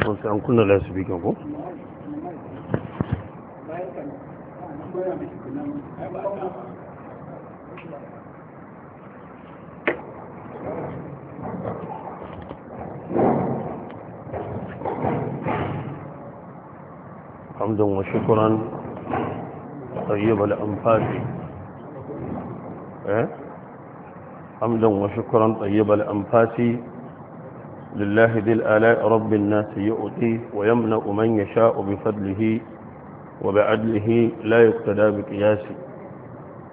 حمدا وشكرا طيب الأنفاس إيه؟ حمدا وشكرا طيب الأنفاس لله ذي الآلاء رب الناس يؤتي ويمنع من يشاء بفضله وبعدله لا يقتدى بقياسه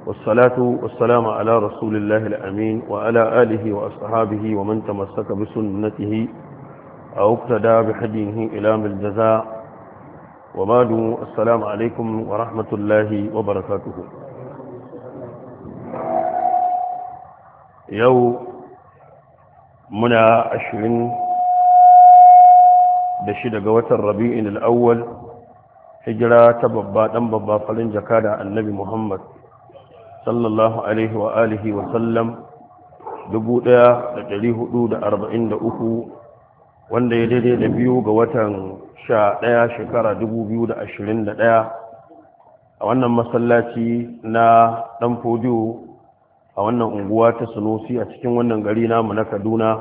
والصلاة والسلام على رسول الله الأمين وعلى آله وأصحابه ومن تمسك بسنته أو اقتدى بحديه إلى الجزاء وبعد السلام عليكم ورحمة الله وبركاته يوم muna ashirin da shida ga watan rabi'in al'awwal hijira ta babba ɗan babba farin jaka da annabi muhammad sallallahu alaihi wa alihi wa sallam 1443 wanda ya daidai da biyu ga watan sha ɗaya shekara 2021 a wannan masallaci na ɗan fodiyo a wannan unguwa ta sunusi a cikin wannan gari namu na kaduna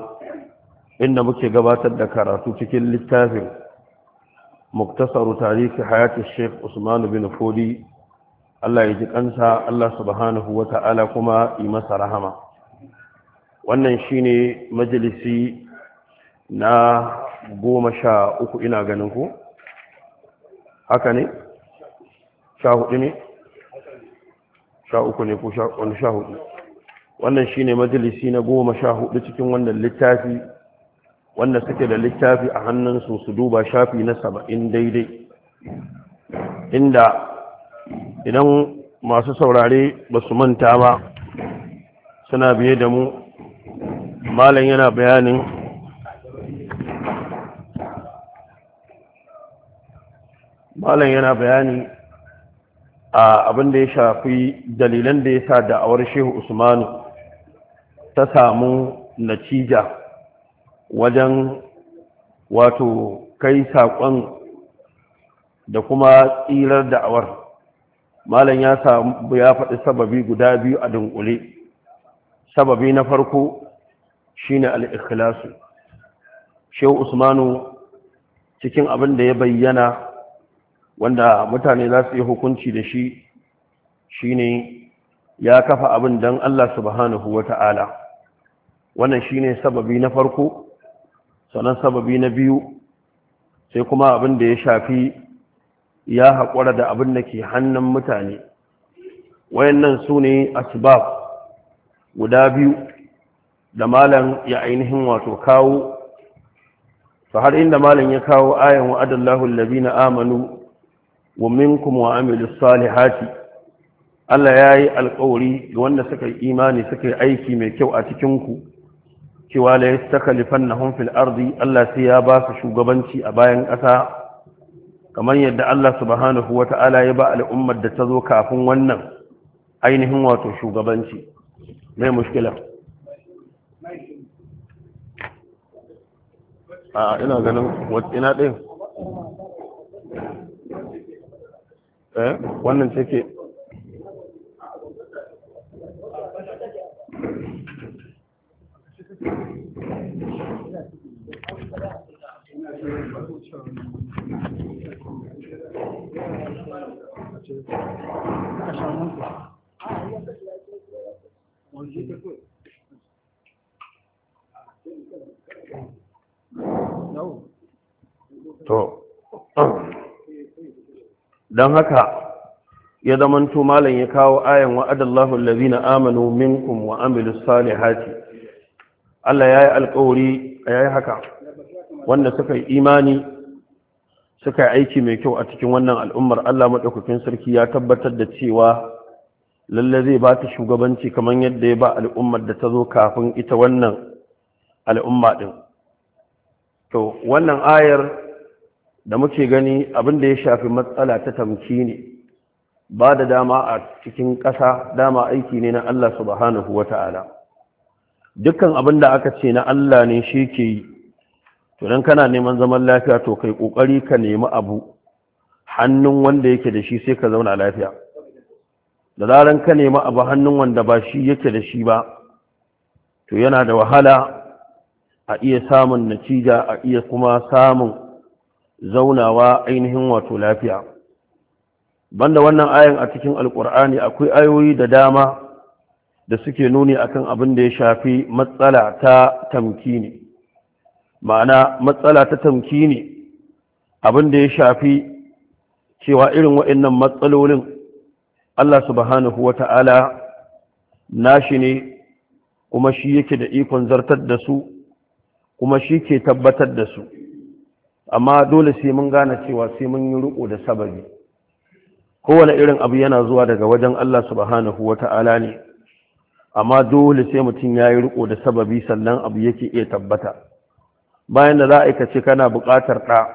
inda muke gabatar da karatu cikin littafin muktasaru tarihi hayati sheikh usman bin fodi allah ya ji kansa allah subhanahu wa ta'ala kuma yi masa rahama wannan shine majalisi na goma sha uku ina ganin ku haka ne sha hudu ne sha uku ne ko sha hudu wannan shine majalisi na goma sha hudu cikin wannan littafi wanda suke da littafi a hannunsu su duba shafi na saba'in daidai inda idan masu saurare ba su manta ba suna biye da mu malam yana bayanin malam yana bayani a abin da ya shafi dalilan da ya sa da'awar shehu usmanu ta samu natija wajen wato kai saƙon da kuma tsirar da'awar malam ya samu ya faɗi sababi guda biyu a dunkule sababi na farko shine al-ikhlasu shehu usmanu cikin abin da ya bayyana wanda mutane za su yi hukunci da shi shine ya kafa abin don Allah subhanahu wa ta'ala wannan shine sababi na farko sannan sababi na biyu sai kuma abin da ya shafi ya haƙura da abin da ke hannun mutane wayannan su ne asbab guda biyu da malam ya ainihin wato kawo fa har inda malam ya kawo ayan wa'adallahu allazina amanu wa minkum wa amilus salihati Allah yayi alƙawari wanda suka imani suka yi aiki mai kyau a cikin ku cewa la yastakhlifannahum fil ardi Allah sai ya ba su shugabanci a bayan ƙasa kamar yadda Allah subhanahu wata'ala ya ba al'ummar da ta zo kafin wannan ainihin wato shugabanci mai mushkila a ina ganin ina ɗin eh wannan take haka ya zamanto malam ya kawo ayan wa'adallahu allazina amanu minkum wa Sani salihati Allah yayi alƙawari yayi haka wanda suka yi imani suka yi aiki mai kyau a cikin wannan al'ummar Allah madaukakin sarki ya tabbatar da cewa lalle zai ba ta shugabanci kamar yadda ya ba al'ummar da ta zo kafin ita wannan al'umma ɗin. to wannan ayar da muke gani abin da ya shafi matsala ta tamki ne ba da dama a cikin ƙasa dama aiki ne na Allah subhanahu wa ta'ala dukkan abin da aka ce na Allah ne shi ke yi tunan kana neman zaman lafiya to kai ƙoƙari ka nemi abu hannun wanda yake da shi sai ka zauna lafiya da zaran ka nemi abu hannun wanda ba shi yake da shi ba to yana da wahala a iya samun natija a iya kuma samun zaunawa ainihin wato lafiya banda wannan ayan a cikin alkur'ani akwai ayoyi da dama da suke nuni akan abin da ya shafi matsala ta tamkini ma'ana matsala ta tamkini abin da ya shafi cewa irin waɗannan matsalolin Allah subhanahu wata'ala nashi ne kuma shi yake da ikon zartar da su kuma shi ke tabbatar da su amma dole sai mun gane cewa sai mun yi riko da sababi kowane irin abu yana zuwa daga wajen Allah subhanahu wata'ala ne amma dole sai mutum ya yi riko da sababi sannan abu yake iya tabbata bayan da za a kace kana buƙatar ɗa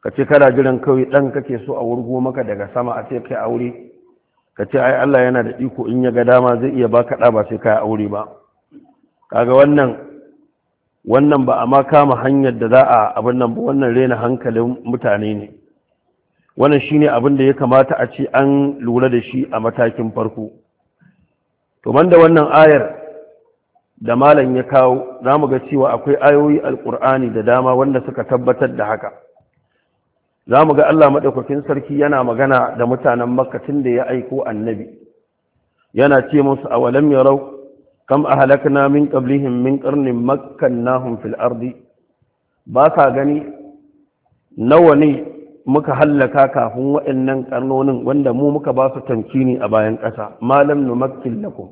ka ce kana jiran kawai ɗan kake so a wurgo maka daga sama a ce kai aure ka ai Allah yana da iko in ya ga dama zai iya baka ɗa ba sai kai aure ba kaga wannan wannan ba a ma kama hanyar da za a abin nan ba wannan rena hankalin mutane ne wannan shine abin da ya kamata a ce an lura da shi a matakin farko to da wannan ayar da malam ya kawo za mu ga cewa akwai ayoyi alkur'ani da dama wanda suka tabbatar da haka za mu ga allah maɗaukakin sarki yana magana da mutanen makka tun da ya aiko annabi yana ce musu a walam yarau kam ahlakna min qablihim min qarnin makkannahum fil ardi ba ka gani nawa ne muka hallaka kafin waɗannan karnonin wanda mu muka ba su tamkini a bayan ƙasa malam numakkil lakum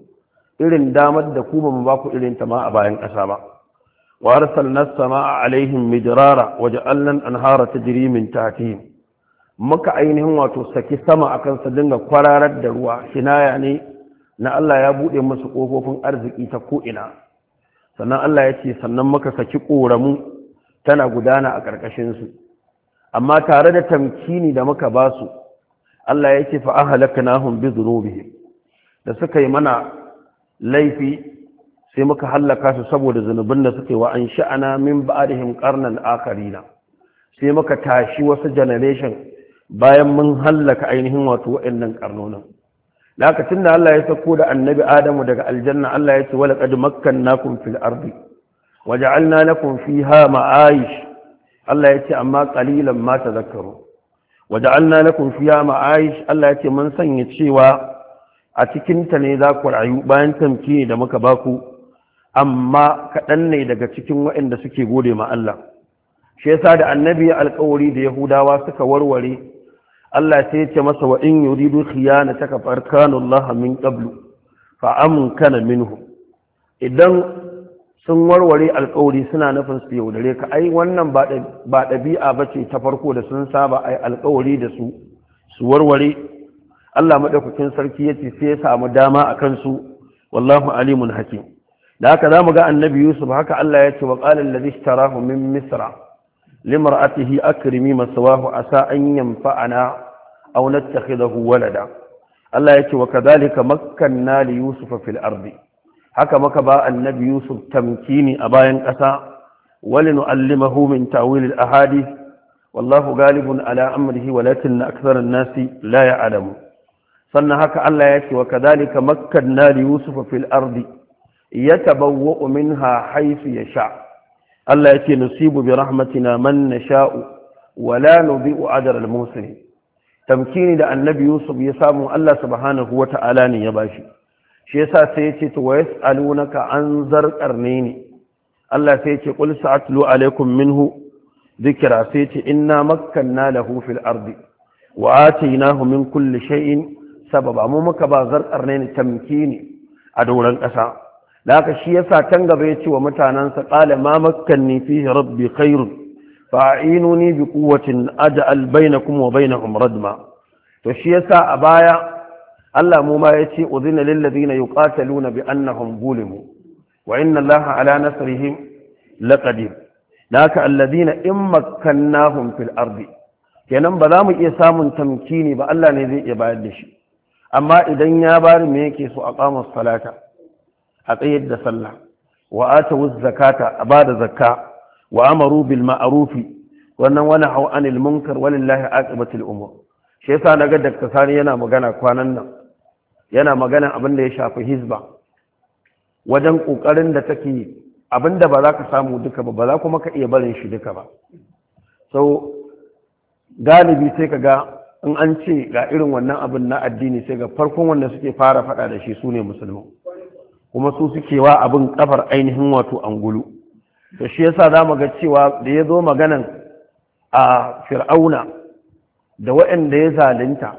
irin damar da ku ba mu ba ku irin ta ma a bayan ƙasa ba wa arsalna samaa alaihim mijrara wa ja'alna anhara tajri min tahtihim muka ainihin wato saki sama akan su dinga kwararar da ruwa kinaya ne na Allah ya buɗe masu ƙofofin arziki ta ko'ina sannan Allah ya ce sannan maka saki ƙoramu tana gudana a ƙarƙashinsu amma tare da tamkini da muka ba su Allah ya ce fa'an halakka na hun bi da suka yi mana laifi sai muka hallaka su saboda zunubin da suka yi sha'ana min ba'adihim ƙarnan akarina sai muka tashi wasu generation bayan mun hallaka ainihin wato waɗannan ƙarnonin lokacin da Allah ya sako da annabi Adamu daga aljanna Allah ya ce wala qad makkannakum fil ardi waja'alna lakum fiha ma'ayish Allah ya ce amma qalilan ma tadhakkaru waja'alna lakum fiha ma'ayish Allah ya ce mun sanya cewa a cikin ta ne za ku rayu bayan tamkiye da muka baku amma kaɗan ne daga cikin waɗanda suke gode ma Allah shi yasa da annabi alƙawari da Yahudawa suka warware Allah sai ya ce masa wa in yuridu khiyanataka farkanullaha min qablu fa amkana minhu idan sun warware alƙawari suna nufin su yaudare ka ai wannan ba ɗabi'a ba ce ta farko da sun saba ai alƙawari da su su warware Allah maɗaukakin sarki ya ce sai ya samu dama a kansu wallahu alimun hakim da haka za mu ga annabi yusuf haka Allah ya ce wa qala allazi ishtarahu min misra limra'atihi akrimi masawahu asa an yanfa'ana aw nattakhidahu walada Allah yake wa kadhalika makkanna li yusufa fil ardi haka maka ba annabi yusuf tamkini a bayan ƙasa ولنعلمه من تأويل الأحاديث والله غالب على أمره ولكن أكثر الناس لا يعلم صنعك الله يأتي وكذلك مكنا ليوسف في الأرض يتبوأ منها حيث يشاء الله يأتي نصيب برحمتنا من نشاء ولا نضيء عدر المسلمين tamkini da annabi yusuf ya samu allah subhanahu wa ta'ala ne ya bashi shi yasa sai ya ce to wa yas'alunaka an zarqar ne allah sai ya ce qul sa'atlu alaikum minhu dhikra sai ce inna makkanna lahu fil ardi wa atainahu min kulli shay'in sababa mu muka ba zarqar ne tamkini a doron ƙasa da haka shi yasa can gaba ya ce wa mutanansa qala ma makkanni fihi rabbi khairun fa'inuni bi quwwatin aj'al kuma wa bainahum radma to shi yasa a baya Allah mu ma yace udhina lil ladina luna bi annahum mu. wa inna Allaha ala Na ka naka alladina in na fil ardi kenan ba za mu iya samun tamkini ba Allah ne zai iya bayar da shi amma idan ya bari me yake so a kamar salata a tsayar da sallah wa ata zakata a bada zakka wa amaru bil ma'rufi wannan wani hau anil munkar walillahi aqibatul umur shi yasa naga Dr. Sani yana magana kwanan nan yana magana abin da ya shafi hizba wajen kokarin da take abin da ba za ka samu duka ba ba za kuma ka iya barin shi duka ba so galibi sai ka ga in an ce ga irin wannan abin na addini sai ga farkon wanda suke fara faɗa da shi sune musulmi kuma su suke wa abin kafar ainihin wato angulu to shi yasa za mu ga cewa da ya zo maganan a fir'auna da waɗanda ya zalunta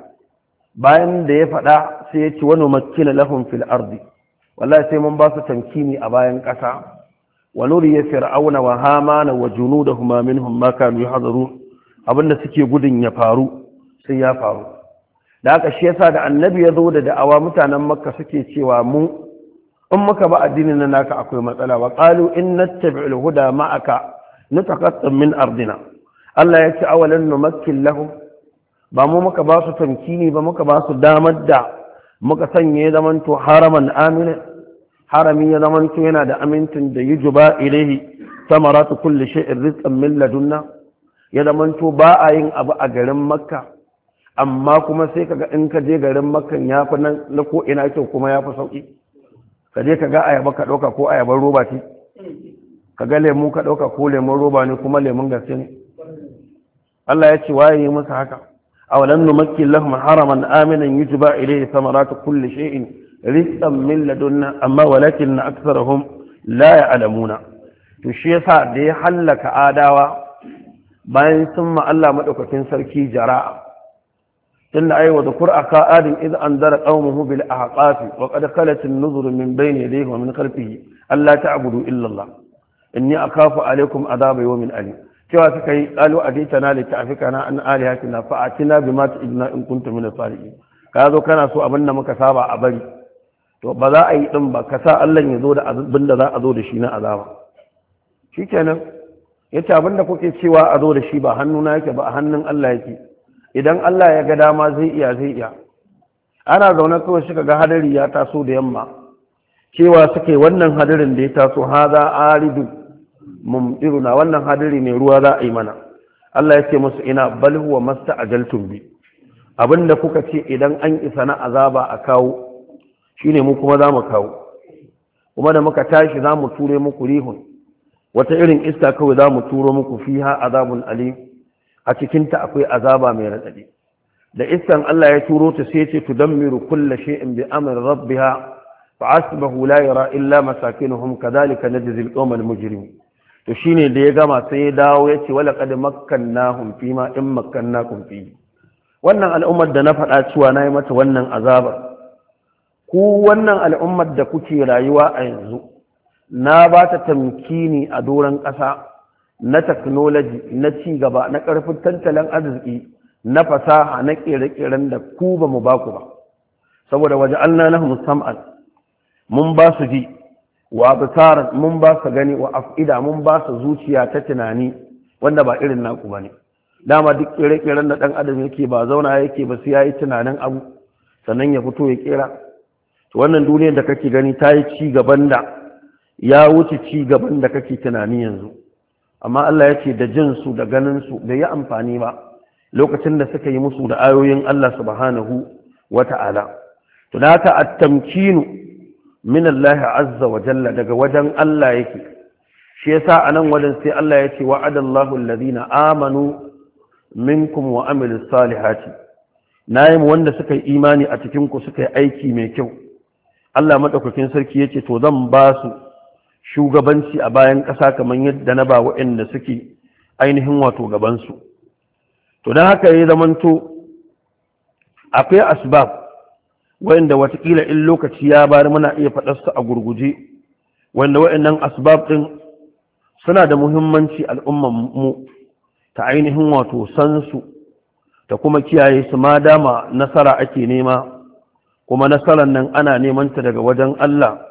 bayan da ya faɗa sai ya ci wani makina lahun fil ardi wallahi sai mun ba su tamkini a bayan ƙasa wa ya fir'auna wa hamana wa junudahuma minhum ma kanu yahzarun abinda suke gudun ya faru sai ya faru da haka shi yasa da annabi ya zo da da'awa mutanen makka suke cewa mu in muka ba addinin na naka akwai matsala wa qalu inna nattabi'ul huda ma'aka nutaqattam min ardina Allah ya ce awalan numakkil makillahu. ba mu muka ba su tamkini ba muka ba su damar da muka sanya ya to haraman amina harami ya zamanto yana da amincin da yujuba ilahi samaratu kulli shay'in rizqan min ladunna ya zamanto ba a yin abu a garin makka amma kuma sai kaga in ka je garin makkan yafi nan na ko ina kyau kuma yafi sauki ka je ka ga ayaba ka ɗauka ko ayaban roba ce ka ga lemu ka ɗauka ko lemun roba ne kuma lemun gaske ne Allah ya ce waye yi musu haka a walan numakki lahum haraman aminan yujba ilayhi samaratu kulli shay'in rizqan min ladunna amma walakin aktharuhum la ya'lamuna to shi yasa da ya hallaka adawa bayan sun ma Allah madaukakin sarki jara'a tunda ai wa a aka adin idh anzara qaumuhu bil ahqafi wa qad khalat an-nuzur min bayni yadayhi wa min khalfihi alla ta'budu illa Allah inni akafu alaykum adhab yawmin alim cewa suka yi qalu aditana li ta'fikana an alihatina fa atina bima ta'idna in kuntum min as ka zo kana so abin da muka saba a bari to ba za a yi din ba ka sa Allah ya zo da abin da za a zo da shi na azaba shikenan yace abin da kuke cewa a zo da shi ba hannuna yake ba a hannun Allah yake idan Allah ya ga dama zai iya zai iya ana zaune kawai suka ga hadari ya taso da yamma cewa suke wannan hadarin da ya taso haza aridu na wannan hadari ne ruwa za a yi mana Allah ya ce musu ina bal a jaltun bi abinda kuka ce idan an isa na azaba a kawo shine mu kuma za mu kawo kuma da muka tashi za mu ture muku rihun wata irin iska kawai za mu turo muku fiha azabun alim a cikinta akwai azaba mai raɗaɗi da iskan Allah ya turo ta sai ce tudammiru kulla in bi Rabbi rabbiha fa asbahu la yara illa masakinuhum kadhalika najzi na qawma al-mujrimin to shine da ya gama sai ya dawo ya ce wala qad na fi ma in na fi wannan al'ummar da na faɗa cewa na yi mata wannan azabar ku wannan al'ummar da kuke rayuwa a yanzu na ba ta tamkini a doron ƙasa na technology na ci gaba na ƙarfin tantalin arziki na fasaha na ƙere-ƙeren da ku ba mu ba ku ba saboda waje Allah na musamman mun ba su ji wa abisar mun ba su gani wa af'ida mun ba su zuciya ta tunani wanda ba irin naku ba ne dama duk ƙere-ƙeren da ɗan adam yake ba zauna yake ba su yayi tunanin abu sannan ya fito ya ƙera wannan duniyar da kake gani ta yi ci gaban da ya wuce ci gaban da kake tunani yanzu amma Allah ya ce da jinsu da ganinsu bai yi amfani ba lokacin da suka yi musu da ayoyin Allah subhanahu wa ta'ala to da haka tamkinu min Allah azza wa jalla daga wajen Allah yake shi yasa anan wajen sai Allah ya ce wa'adallahu alladhina amanu minkum wa amilus salihati nayim wanda suka yi imani a cikin ku suka yi aiki mai kyau Allah maɗaukakin sarki yace to zan ba su shugabanci a bayan ƙasa kamar yadda na ba waɗanda suke ainihin wato gabansu to don haka ya zamanto akwai asbab wanda watakila in lokaci ya bari muna iya faɗarsa a gurguje wanda waɗannan asbab ɗin suna da muhimmanci mu ta ainihin wato sansu ta kuma kiyaye su ma dama nasara ake nema kuma nasarar nan ana neman ta daga wajen Allah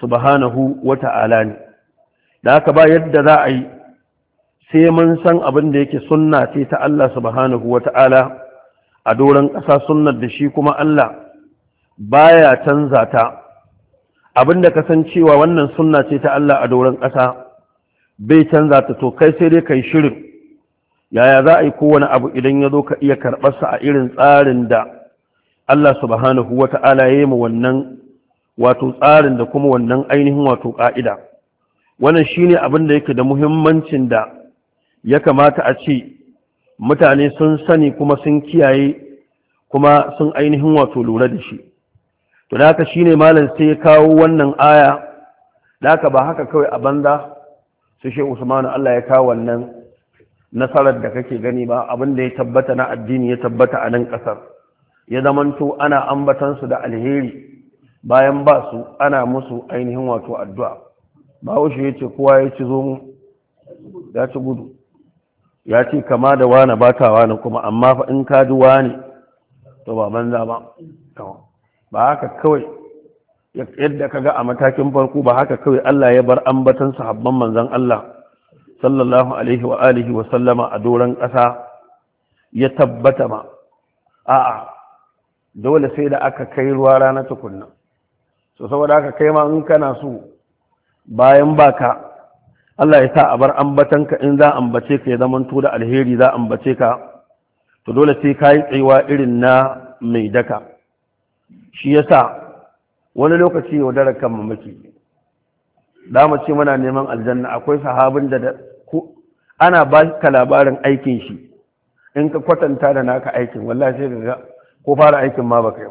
subhanahu wa ta'ala ne da haka ba yadda za a yi sai mun san abin da yake sunna ce ta Allah subhanahu wa ta'ala a doron ƙasa sunnar da shi kuma Allah baya canza ta abin da kasancewa wannan sunna ce ta Allah a doron ƙasa bai canza ta to kai sai dai kai shirin yaya za a yi kowane abu idan ya zo ka iya karɓarsa a irin tsarin da Allah subhanahu wa ta'ala ya yi mu wannan wato tsarin da kuma wannan ainihin wato ƙa'ida wannan shine abin da yake da muhimmancin da ya kamata a ce mutane sun sani kuma sun kiyaye kuma sun ainihin wato lura da shi to da haka shine malam sai ya kawo wannan aya da haka ba haka kawai a banza su she Usman Allah ya kawo wannan nasarar da kake gani ba abin da ya tabbata na addini ya tabbata a nan ƙasar ya zamanto ana ambatansu da alheri bayan ba su ana musu ainihin wato addu'a ba shi ya ce kowa ya ci zo mu ya ci gudu ya ce kama da wane ba ta wane kuma amma fa in kaji wane to ba banza ba ba haka kawai yadda ka ga a matakin farko ba haka kawai Allah ya bar ambatan sahabban manzan Allah sallallahu alaihi wa alihi wa sallama a doron ƙasa ya tabbata ma a'a dole sai da aka kai ruwa rana tukunna so saboda haka kai ma in kana so bayan baka Allah ya sa a bar ambatanka in za ambace ka ya zamanto da alheri za ambace ka to dole sai ka yi tsayuwa irin na mai daka shi ya sa wani lokaci ya wadara kan mamaki da ce muna neman aljanna akwai sahabin da ana ba ka labarin aikin shi in ka kwatanta da naka aikin wallahi sai ga ko fara aikin ma baka yi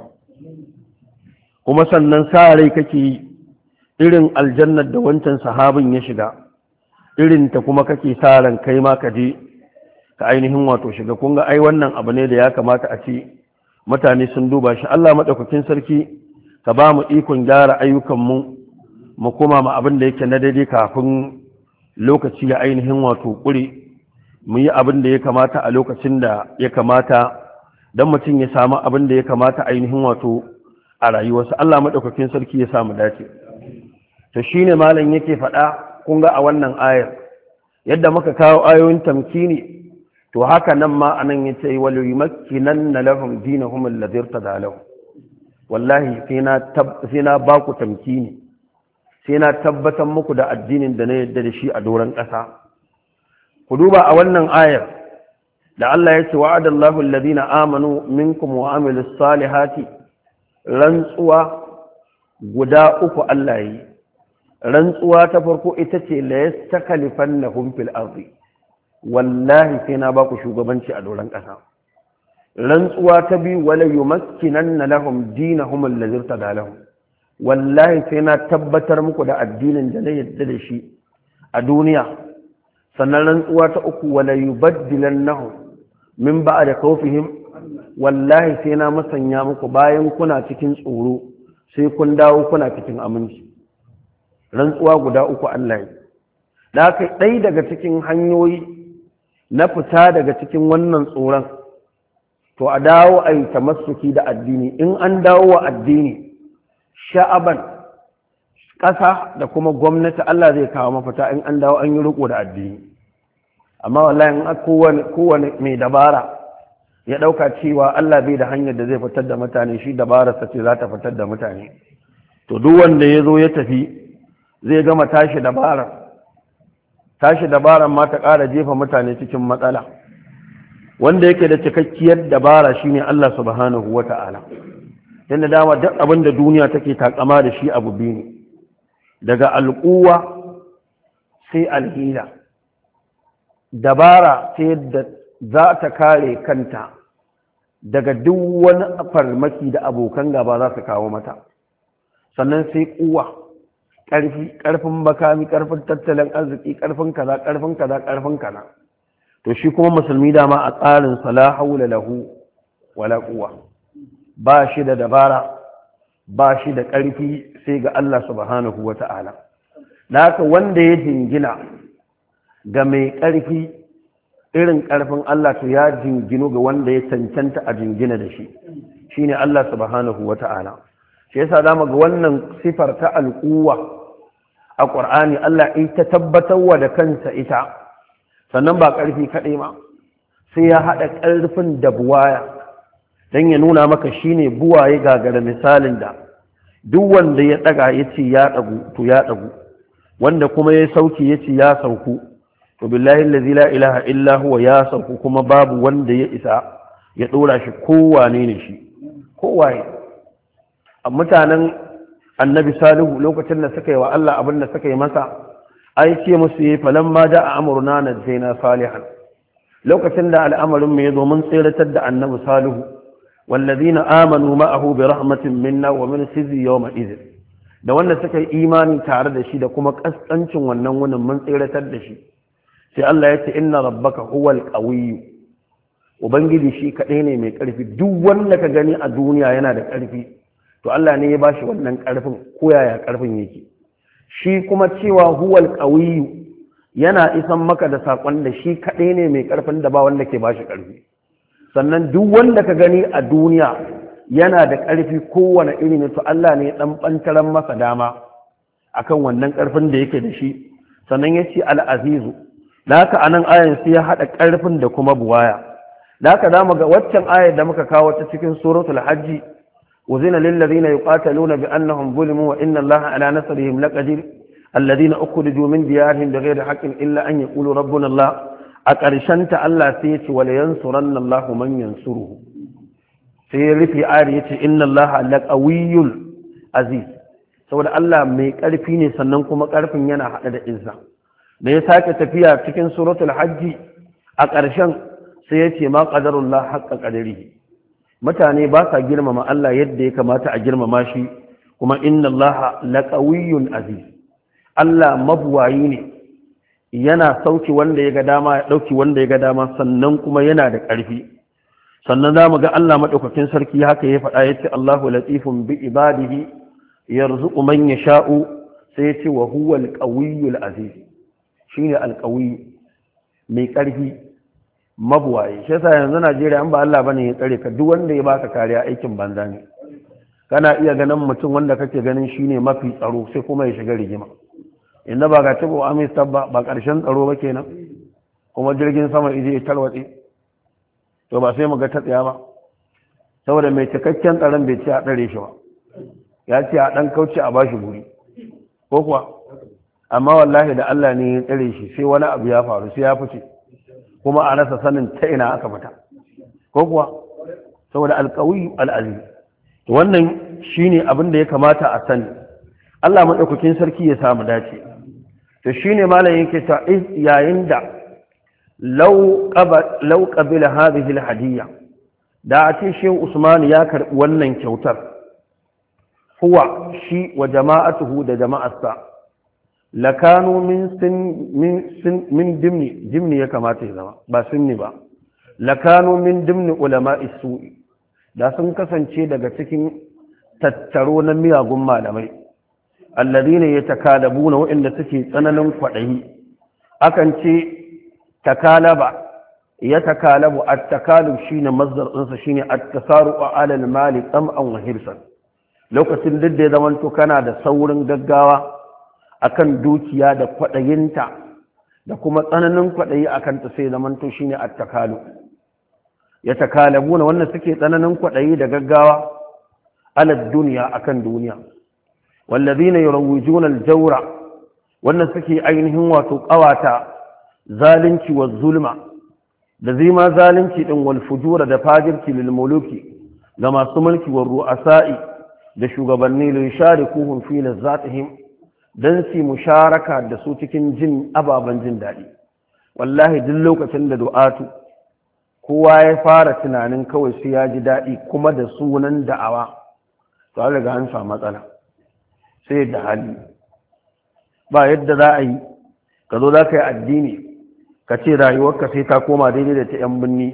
kuma sannan sa rai kake yi irin aljannar da wancan sahabin ya shiga irin ta kuma kake sa ran kai ma ka je ka ainihin wato shiga kun ga ai wannan abu ne da ya kamata a ce mutane sun duba shi Allah madaukakin sarki ka ba mu ikon gyara ayyukan mu mu koma ma abin da yake na daidai kafin lokaci ya ainihin wato kure mu yi abin da ya kamata a lokacin da ya kamata don mutum ya samu abin da ya kamata ainihin wato a rayuwarsa Allah maɗaukakin sarki ya samu dace to shine malam yake faɗa kun ga a wannan ayar yadda muka kawo ayoyin tamkini to haka nan ma anan yace wal yumakkinanna lahum dinahum alladhi irtadalahum wallahi sai na ba ku tamkini sai na tabbatar muku da addinin da na yadda da shi a doron ƙasa ku duba a wannan ayar da Allah ya ce wa'adallahu alladhina amanu minkum wa amilus salihati rantsuwa guda uku Allah yi rantsuwa ta farko ita ce la yastakalifan lahum fil ardi wallahi sai na baku shugabanci a doron kasa rantsuwa ta biyu wala yumakkinanna lahum dinahum allazi irtada wallahi sai na tabbatar muku da addinin da na yarda da shi a duniya sannan rantsuwa ta uku wala yubaddilannahum min ba'da khawfihim wallahi sai na masanya muku bayan kuna cikin tsoro sai kun dawo kuna cikin aminci rantsuwa guda uku Allah yi da kai ɗai daga cikin hanyoyi na fita daga cikin wannan tsoron to a dawo a yi tamassuki da addini in an dawo wa addini sha'aban ƙasa da kuma gwamnati Allah zai kawo mafita in an dawo an yi riko da addini amma wallahi in kowane mai dabara ya ɗauka cewa Allah bai da hanyar da zai fitar da mutane shi dabararsa ce za ta fitar da mutane to duk wanda ya zo ya tafi zai gama tashi dabarar tashi dabarar ma ta ƙara jefa mutane cikin matsala wanda yake da cikakkiyar dabara shi ne Allah subhanahu wa ta'ala. dan dama duk abin da duniya take takama da shi abu biyu ne daga alƙuwa sai alhila dabara sai yadda za ta kare kanta daga duk wani farmaki da abokan gaba za su kawo mata sannan sai kuwa ƙarfin makami ƙarfin tattalin arziki ƙarfin kaza ƙarfin kaza ƙarfin kaza to shi kuma musulmi dama a tsarin sala haula lahu wala kuwa ba shi da dabara ba shi da ƙarfi sai ga Allah subhanahu wata'ala da haka wanda ya jingina ga mai ƙarfi irin ƙarfin Allah to ya jinginu ga wanda ya cancanta a jingina da shi shine Allah subhanahu wata'ala shi yasa dama ga wannan sifar ta alƙuwa a ƙur'ani, Allah ita tabbatarwa da kansa ita sannan ba ƙarfi kaɗai ma sai ya haɗa ƙarfin da buwaya don ya nuna maka shine buwaye gagara misalin da duk wanda ya ɗaga ya ce ya ɗagu to ya ɗagu wanda kuma ya sauki ya ce ya sauku to billahi ilaha illa ya sauku kuma babu wanda ya isa ya dora shi kowane ne shi kowaye mutanen annabi salihu lokacin da suka yi wa Allah abin da suka yi masa ai ce musu yi falan ma da amurna na zaina salihan lokacin da al'amarin ya zo mun tseratar da annabi salihu wallazina amanu ma'ahu bi rahmatin minna wa min khizi yawma izin. da wanda suka yi imani tare da shi da kuma ƙasƙancin wannan wunin mun tseratar da shi sai Allah ya ce inna rabbaka huwal qawiyyu ubangiji shi kadai ne mai karfi duk wanda ka gani a duniya yana da karfi to Allah ne ya bashi wannan karfin ko yaya karfin yake shi kuma cewa huwal qawiyyu yana isan maka da sakon da shi kadai ne mai karfin da ba wanda ke bashi karfi sannan duk wanda ka gani a duniya yana da karfi kowane iri ne to Allah ne ya dan bantaran masa dama akan wannan karfin da yake da shi sannan ya ce al-azizu haka anan ayan sai ya haɗa karfin da kuma buwaya za mu ga waccan ayar da muka kawo ta cikin suratul hajji uzina lil ladina yuqataluna bi annahum zulimu wa inna allaha ala nasrihim laqadir alladina ukhriju min diyarihim bighayri haqqin illa an yaqulu rabbuna allah a karshen ta Allah sai ya ce wal yansuran Allahu man yansuruhu sai ya rufe ayar ya ce inna Allah laqawiyul aziz saboda Allah mai karfi ne sannan kuma ƙarfin yana haɗa da izza da ya sake tafiya cikin suratul hajji a ƙarshen sai ya ce ma ƙadarullah haƙƙa ƙadari mutane ba sa girmama Allah yadda ya kamata a girmama shi kuma inna Allah laqawiyyun aziz Allah mabuwayi ne yana sauki wanda ya ga dama ya dauki wanda ya ga dama sannan kuma yana da ƙarfi sannan za mu ga Allah madaukakin sarki haka ya faɗa ce Allahu latifun bi ibadihi yarzuqu man yasha'u sai ya ce wa huwal qawiyyul aziz ne alƙawi mai ƙarfi mabuwaye shi yasa yanzu Najeriya an ba Allah bane ya tsare ka duk wanda ya baka kariya aikin banza ne kana iya ganin mutum wanda kake ganin shi ne mafi tsaro sai kuma ya shiga rigima inda ba ga tabo amista ba ba karshen tsaro ba kenan kuma jirgin sama ije ya tarwatse to ba sai mu ga ta tsaya ba saboda mai cikakken tsaron bai ci a tsare shi ba ya ce a ɗan kauce a bashi guri ko kuwa amma wallahi da Allah ne ya tsare shi sai wani abu ya faru sai ya fice kuma a rasa sanin ta ina aka fita ko kuwa saboda alƙawi al'azi wannan shine abin da ya kamata a sani Allah maɗaukakin sarki ya samu dace to shine malam yake ta yayin da law qabala law qabila hadhihi alhadiyya da a ce shehu Usman ya karbi wannan kyautar huwa shi wa jama'atuhu da jama'arsa lakanu min sin min dimni dimni ya kamata ya zama ba sinni ba lakanu min dimni ulama isu'i da sun kasance daga cikin tattaro na miyagun malamai alladhina na wa'inda suke tsananin kwadayi akan ce takalaba ya takalabu at takalu shine mazdar ɗinsa shine at tasaru 'ala al-mali tam'an wa hirsan lokacin duk da ya zamanto kana da saurin gaggawa akan dukiya da kwaɗayinta da kuma tsananin kwaɗayi akan ta sai zamanto shine attakalu ya takalabuna wannan suke tsananin kwaɗayi da gaggawa ala duniya akan duniya wallazina al-jawra wannan suke ainihin wato ƙawata zalunci wa zulma da zima zalunci din wal fujura da fajirci lil muluki ga masu mulki wa ru'asa'i da shugabanni lin sharikuhum fi lazatihim don su musharaka da su cikin jin ababen jin daɗi wallahi duk lokacin da du'atu kowa ya fara tunanin kawai su ya ji daɗi kuma da sunan da'awa to an riga an samu matsala sai da hali ba yadda za a yi ka zo za ka yi addini ka ce rayuwarka sai ta koma daidai da ta 'yan binni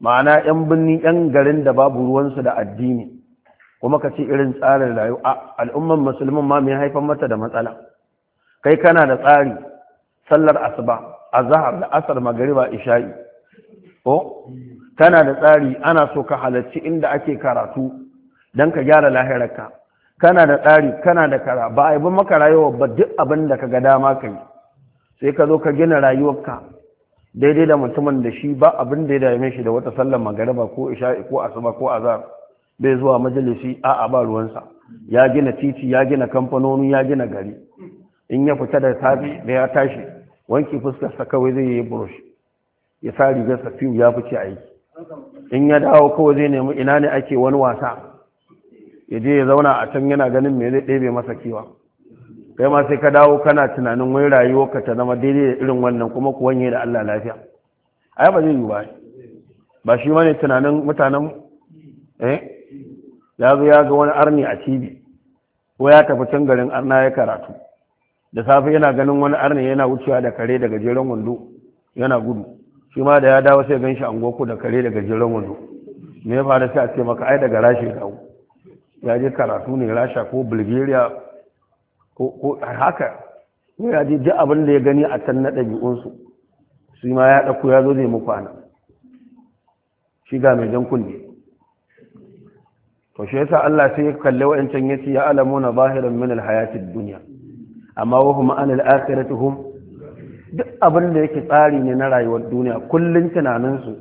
ma'ana 'yan binni 'yan garin da babu ruwansu da addini kuma ka ci irin tsarin rayu a al'umman musulmin ma mai haifan mata da matsala kai kana da tsari sallar asuba azhar da asar magariba isha'i ko kana da tsari ana so ka halarci inda ake karatu don ka gyara lahirarka kana da tsari kana da kara ba a yi maka rayuwa ba duk abin da ka ga dama ka yi sai ka zo ka gina rayuwarka daidai da mutumin da shi ba abin da ya dame shi da wata sallar magariba ko isha'i ko asuba ko azhar bai zuwa majalisi a a ba ruwansa ya gina titi ya gina kamfanoni ya gina gari in ya fita da tafi da ya tashi wanki fuskarsa kawai zai yi burush ya sa rigarsa fiw ya fice aiki in ya dawo kawai zai nemi ina ne ake wani wasa ya je ya zauna a can yana ganin me zai ɗebe masa kiwa kai ma sai ka dawo kana tunanin wai rayuwar ka ta zama daidai da irin wannan kuma ku wanye da Allah lafiya ai ba zai yi ba ba shi ne tunanin mutanen eh ya zo ya ga wani arni a tv ko ya tafi can garin arna ya karatu da safe yana ganin wani arni yana wucewa da kare daga gajeren wando yana gudu shi ma da ya dawo sai gan shi angoko da kare daga gajeren wando me ya faru sai a ce maka ai daga rashi ya dawo ya je karatu ne rasha ko bulgaria ko haka ko ya je duk abin da ya gani a can na ɗabi'unsu su ma ya ɗauko ya zo zai mu kwana shi ga mai jan kunne to shi yasa Allah sai ya kalle wa'ancan yace ya alamuna zahiran min alhayatid dunya amma wa hum an alakhiratuhum duk abin da yake tsari ne na rayuwar duniya kullun tunanin su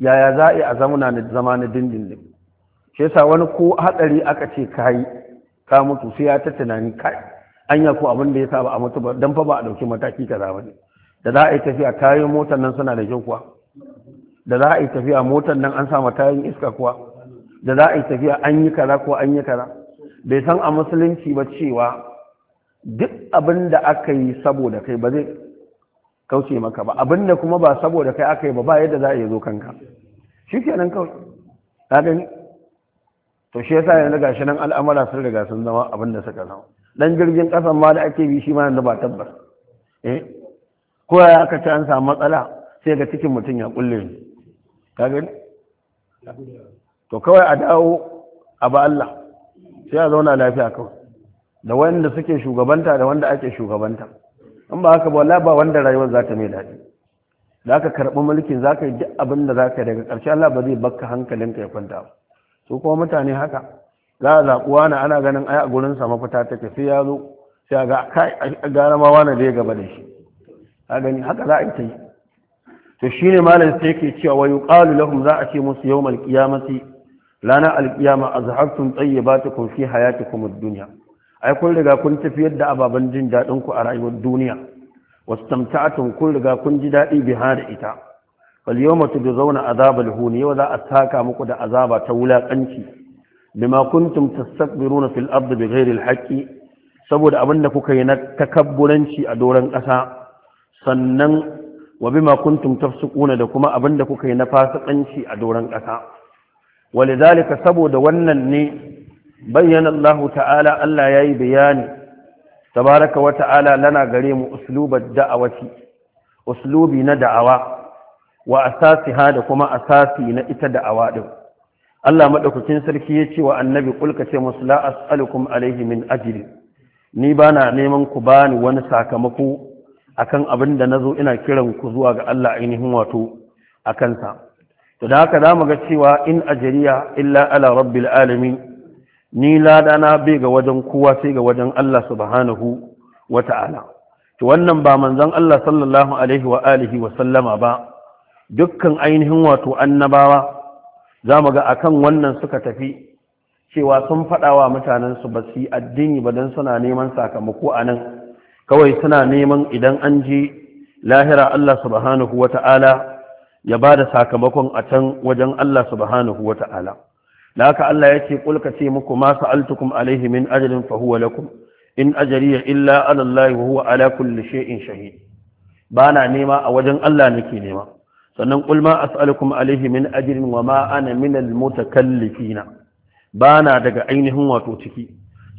yaya za a yi a zamana na zama na dindindin shi yasa wani ko hatsari aka ce kai ka mutu sai ya ta tunani kai anya ko abin da ya saba a mutu ba dan fa ba a dauki mataki kaza ba ne da za a yi tafiya kayan motar nan suna da kyau kuwa da za a yi tafiya motar nan an sa tayin iska kuwa da za a yi tafiya an yi kara ko an yi kara? bai san a musulunci ba cewa duk abin da aka yi saboda kai ba zai kauce maka ba abin da kuma ba saboda kai aka yi ba ba yadda za a yi zo kanka shi kenan kawai ta gani to shi yasa yanzu gashi nan al'amura sun riga sun zama abin da suka zama dan jirgin kasan ma da ake bi shi ma yanzu ba tabbas eh ko ya aka ci an samu matsala sai ga cikin mutum ya kulle ni ka gani to kawai a dawo a ba Allah sai a zauna lafiya kawai da wanda suke shugabanta da wanda ake shugabanta in ba haka ba ba wanda rayuwar za ta mai daɗi za ka karɓi mulkin za ka yi abin da za ka daga ƙarshe Allah ba zai bakka hankalinka ya kwanta ba su kuma mutane haka za a zaɓuwa wani ana ganin ai a sa mafita take sai ya zo sai a ga gara ma wani da ya gaba da shi a gani haka za a yi ta yi to shine malam sai yake cewa wayu qalu lahum za a ce musu yawmal qiyamati lana alkiyama azhabtum tayyibatukum fi hayatikum ad-dunya ai kun riga kun tafiyar da ababan jin dadin ku a rayuwar duniya wastamta'tum kun riga kun ji dadi biha da ita fal yawma tujzauna azabal huni yau za a saka muku da azaba ta wulakanci bima kuntum tastakbiruna fil ardi bighairi al-haqqi saboda abinda kuka yi na takabburanci a doran ƙasa sannan wa bima kuntum tafsiquna da kuma abinda kuka yi na fasikanci a doran ƙasa Wali zalika saboda wannan ne bayyana Allah ta'ala Allah ya yi bayani tabaraka wa ta'ala lana gare mu uslubat da'awati uslubi na da'awa wa asasiha da kuma asasi na ita da'awa din Allah madaukakin sarki ya ce wa annabi qul ka ce musu la as'alukum alaihi min ajri ni bana neman ku bani wani sakamako akan abin da nazo ina kiran ku zuwa ga Allah ainihin wato a kansa. to da haka za mu ga cewa in ajriya illa ala rabbil alamin ni ladana bai ga wajen kowa sai ga wajen Allah subhanahu ta'ala. to wannan ba manzon Allah sallallahu alaihi wa alihi wa sallama ba dukkan ainihin wato annabawa za mu ga akan wannan suka tafi cewa sun faɗawa mutanensu ba su addini ba don suna neman sakamako a nan kawai suna neman idan an je lahira Allah subhanahu wa ta'ala ya ba da sakamakon a can wajen Allah subhanahu wa ta'ala da haka Allah ya ce kulka ce muku ma sa'altukum alaihi min ajalin fa huwa lakum in ajriya illa ala wa huwa ala kulli shay'in shahid bana nema a wajen Allah nake nema sannan qul ma as'alukum alaihi min ajrin wa ma ana min al mutakallifina na daga ainihin wato ciki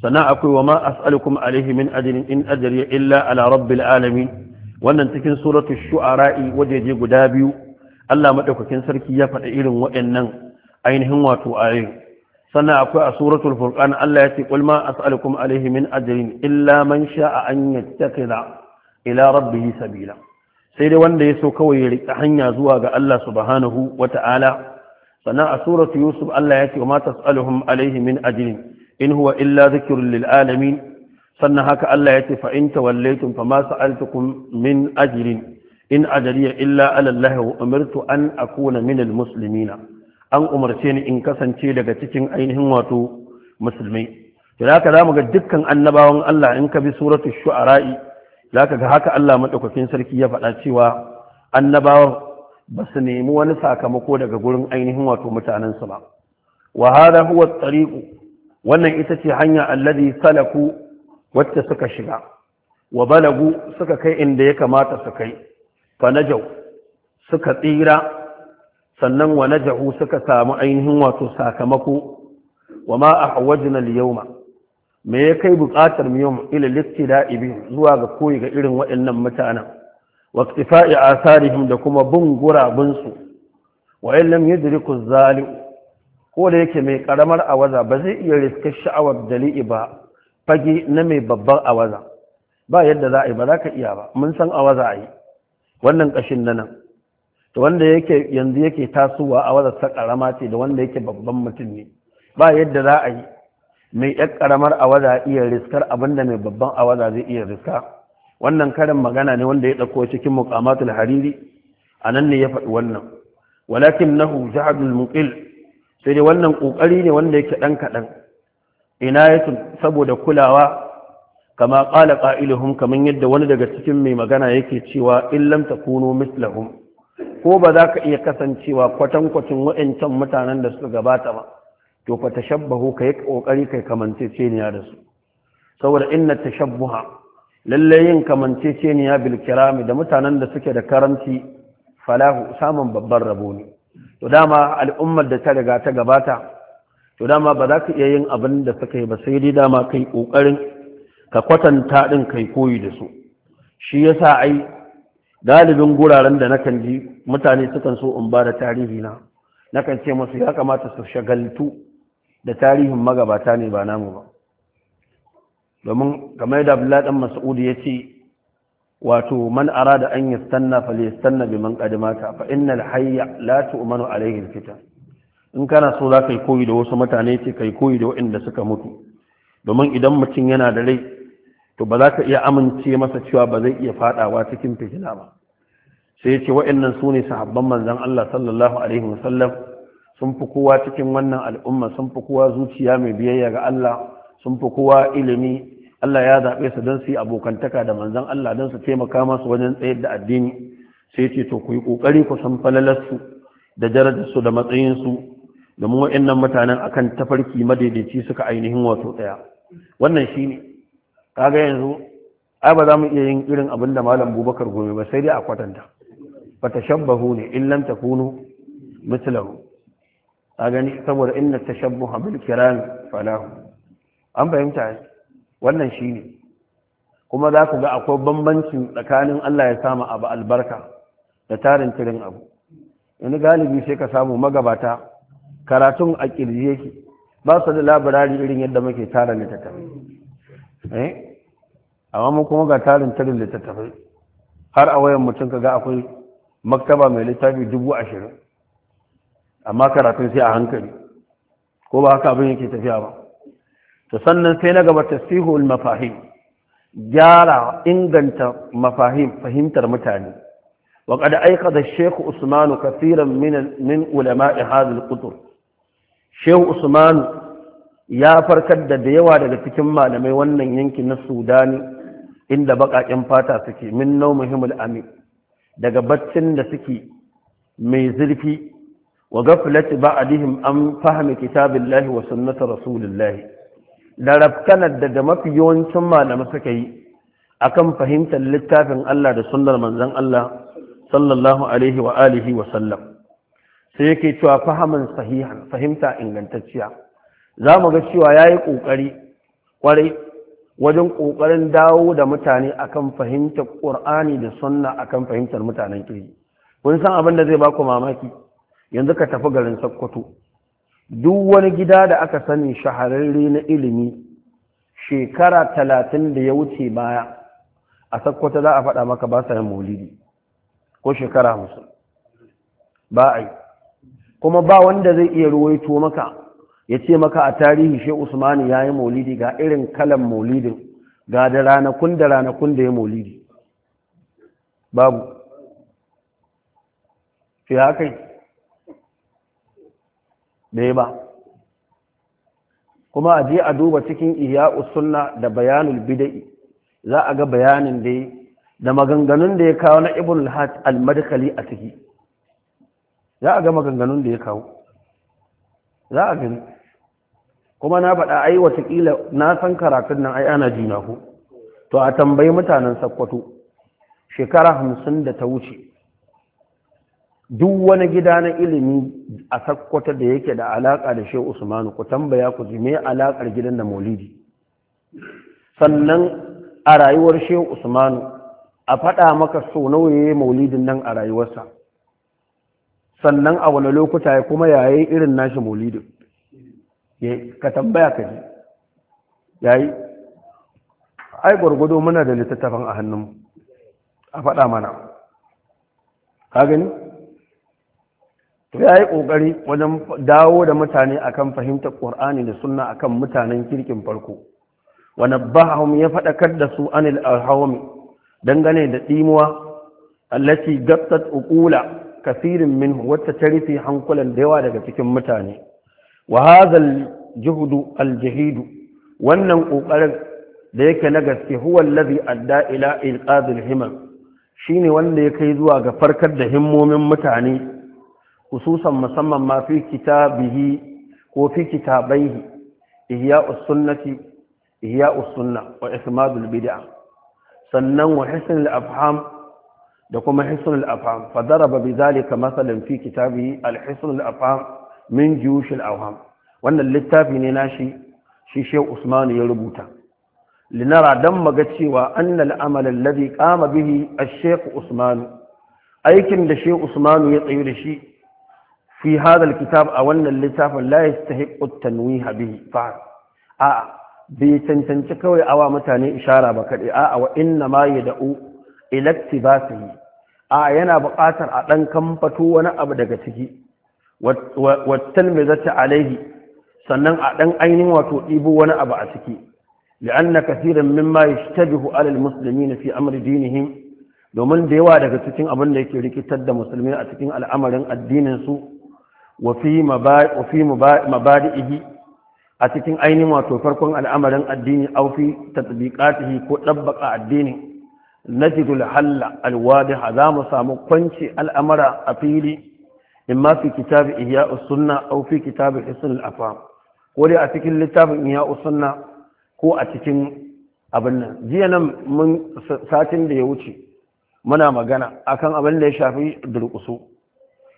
sannan akwai wa ma as'alukum alaihi min ajrin in ajriya illa ala rabbil alamin wannan cikin suratul shuarai wajeje guda biyu Allah madaukakin sarki ya faɗa irin waɗannan ainihin wato ayoyi sannan akwai a suratul furqan Allah ya ce qul ma as'alukum alayhi min ajrin illa man sha'a an yattaqila ila rabbih sabila sai dai wanda ya so kawai ya rika hanya zuwa ga Allah subhanahu wata'ala sannan a suratul yusuf Allah ya ce wa ma tas'aluhum alayhi min ajrin in huwa illa dhikrun lil alamin sannan haka Allah ya ce fa in tawallaytum fama sa'altukum min ajrin in a ajariya illa ala Allah wa umirtu an akuna min almuslimina an umarce ni in kasance daga cikin ainihin wato musulmai to haka zamu ga dukkan annabawan Allah in ka bi suratu shu'ara'i zaka ga haka Allah madaukakin sarki ya faɗa cewa annabawan ba su nemi wani sakamako daga gurin ainihin wato su ba wa hada huwa wannan ita ce hanya alladhi salaku wacce suka shiga wa balagu suka kai inda ya kamata su kai fanajau suka tsira sannan wa najahu suka samu ainihin wato sakamako wa ma ahwajna al Liyauma. me ya kai buƙatar mu yau ila liktida'i bi zuwa ga koyi ga irin waɗannan mutanen wa iktifa'i asarihim da kuma bin gurabun su wa in lam yudriku zalim ko da yake mai karamar awaza ba zai iya riskar sha'awar dali'i ba fage na mai babbar awaza ba yadda za a yi ba za ka iya ba mun san awaza a yi wannan kashin na nan to wanda yake yanzu yake tasowa a wadda ta karama ce da wanda yake babban mutum ne ba yadda za a yi mai yar karamar awada iya riskar abinda mai babban awada zai iya riska wannan karin magana ne wanda ya dauko cikin muqamatul hariri anan ne ya faɗi wannan walakin nahu jahadul muqil sai dai wannan ƙoƙari ne wanda yake dan Ina inayatun saboda kulawa kama qala qailuhum kamar yadda wani daga cikin mai magana yake cewa in ta kuno mislahun ko ba za ka iya kasancewa kwatankwacin waɗancan mutanen da su gabata ba to fa tashabbahu ka yi ƙoƙari kai kamanceceniya da su saboda inna tashabbuha lalle yin kamanceceniya bil kirami da mutanen da suke da karanci falahu samun babban rabo ne to dama al'ummar da ta riga ta gabata to dama ba za ka iya yin abin da suka yi ba sai dai dama kai ƙoƙarin. ka kwatanta ɗin kai koyi da su shi ya sa ai galibin guraren da nakan ji mutane sukan so in ba da tarihi na nakan ce masu ya kamata su shagaltu da tarihin magabata ne ba namu ba domin kamar yadda abdullahi dan mas'ud ya ce wato man arada an yastanna falyastanna biman qad mata fa innal hayya la tu'manu alayhi alfitan in kana so za kai koyi da wasu mutane ce kai koyi da waɗanda suka mutu domin idan mutum yana da rai to ba za ka iya amince masa cewa ba zai iya fadawa cikin fitina ba sai yace wa'annan su ne sahabban manzon Allah sallallahu alaihi wasallam sun fi kowa cikin wannan al'umma sun fi kowa zuciya mai biyayya ga Allah sun fi kowa ilimi Allah ya zaɓe su don su yi abokantaka da manzon Allah don su taimaka masu wajen tsayar da addini sai ce to ku yi ƙoƙari ku san falalarsu da darajarsu da matsayinsu Domin mu wa'annan mutanen akan tafarki madaidaici suka ainihin wato tsaya wannan ne. kaga yanzu ai ba za mu iya yin irin abin da malam bubakar gome ba sai dai a kwatanta ba ta shabbahu ne in lam ta kunu mislahu a gani saboda inna ta shabbahu bil kiran falahu an fahimta wannan shi ne kuma za ku ga akwai bambanci tsakanin Allah ya sama abu albarka da tarin tirin abu wani galibi sai ka samu magabata karatun a kirje yake ba su da labarari irin yadda muke tara littattafai a eh? amma kuma ga tarin tarin littattafai har a wayan mutum ka ga akwai maktaba mai littafi dubu ashirin amma karatun sai a hankali ko ba haka abin yake tafiya ba to sannan sai na gaba tasihul mafahim gyara inganta mafahim fahimtar mutane wa qad aikada Sheikh usmanu kaseeran min ulama ulama'i hadhihi al-qutub Usman ya farkar da da yawa daga cikin malamai wannan yanki na sudani inda baƙaƙen fata suke min nau muhimmul ami daga baccin da suke mai zurfi wa gafilati ba'dihim an fahimi kitabillahi wa sunnata rasulillahi da rafkanar da da mafi yawancin malamai suka yi akan fahimtar littafin Allah da sunnar manzon Allah sallallahu alaihi wa alihi wa sallam sai yake cewa fahaman sahihan fahimta ingantacciya za mu ga cewa ya yi ƙoƙari ƙwarai wajen ƙoƙarin dawo da mutane akan fahimtar ƙur'ani da sunna akan fahimtar mutanen kirji kun san abin da zai ba ku mamaki yanzu ka tafi garin sakkwato duk wani gida da aka sani shahararre na ilimi shekara talatin da ya wuce baya a sakkwato za a faɗa maka ba sa yin maulidi ko shekara hamsin ba a yi kuma ba wanda zai iya ruwaito maka ya ce maka a tarihi shi usmani ya yi maulidi ga irin kalan maulidin ga da ranakun da ranakun da ya maulidi babu fi haka da ya ba kuma a je a duba cikin iya sunna da bayanul bida'i za a ga bayanin da da maganganun da ya kawo na ibn al-madkhali a ciki za a ga maganganun da ya kawo za a gani kuma na faɗa ai watakila na san karatun nan ai ana jina ku to a tambayi mutanen sakkwato shekara hamsin da ta wuce duk wani gida na ilimi a sakkwato da yake da alaƙa da shehu usmanu ku tambaya ku ji me alaƙar gidan da maulidi sannan a rayuwar shehu usmanu a faɗa maka so nawa ya yi maulidin nan a rayuwarsa sannan a wani lokuta ya kuma yayi irin nashi maulidin ka tambaya ka ji yayi ai gwargwado muna da littattafan a hannun a faɗa mana ka gani to ya yi ƙoƙari wajen dawo da mutane akan fahimtar ƙur'ani da sunna akan mutanen kirkin farko wani bahahun ya faɗakar da su anil alhawami dangane da ɗimuwa allaci gabtat uƙula kasirin min wacce ta rufe hankulan da yawa daga cikin mutane wa hadha al-juhdu wannan kokarin da yake na gaske huwa allazi adda ila ilqad al-himam shine wanda ya kai zuwa ga farkar da himmomin mutane khususan musamman ma fi kitabihi ko fi kitabaihi ihya'us sunnati ihya'us sunnah wa ismadul bid'a sannan wa hisnul afham da kuma afham fa fadaraba bi zalika matsalan fi kitabi al-hisun al'afam min jiyushil awham wannan littafi ne nashi shi Shehu Usmanu ya rubuta linara dan maga cewa annal amal alladhi bihi a Shehu Usmanu. aikin da Sheikh usmanu ya tsayu da shi fi hadha kitab a wannan littafin la yastahiqu at-tanwih bihi a bai cancanci kawai awa mutane ishara ba kaɗai a wa inna ma ya da'u ilakti ba su yi a yana buƙatar a ɗan kamfato wani abu daga ciki wattalmizata alaihi sannan a ɗan ainihin wato ɗibo wani abu a ciki li'anna kasirin mimma yashtabihu alal na fi amri dinihim domin da yawa daga cikin abin da yake rikitar da musulmi a cikin al'amarin addinin su wa fi mabadi'ihi a cikin ainihin wato farkon al'amarin addini au fi tatbiqatihi ko dabbaqa addinin najidul halla alwadiha za mu samu kwanci al'amara a fili imma fi kitabi ihya'us sunna aw fi kitabi isun afam ko dai a cikin littafin ihya'us sunna ko a cikin abin nan jiya nan mun satin da ya wuce muna magana akan abin da ya shafi durƙuso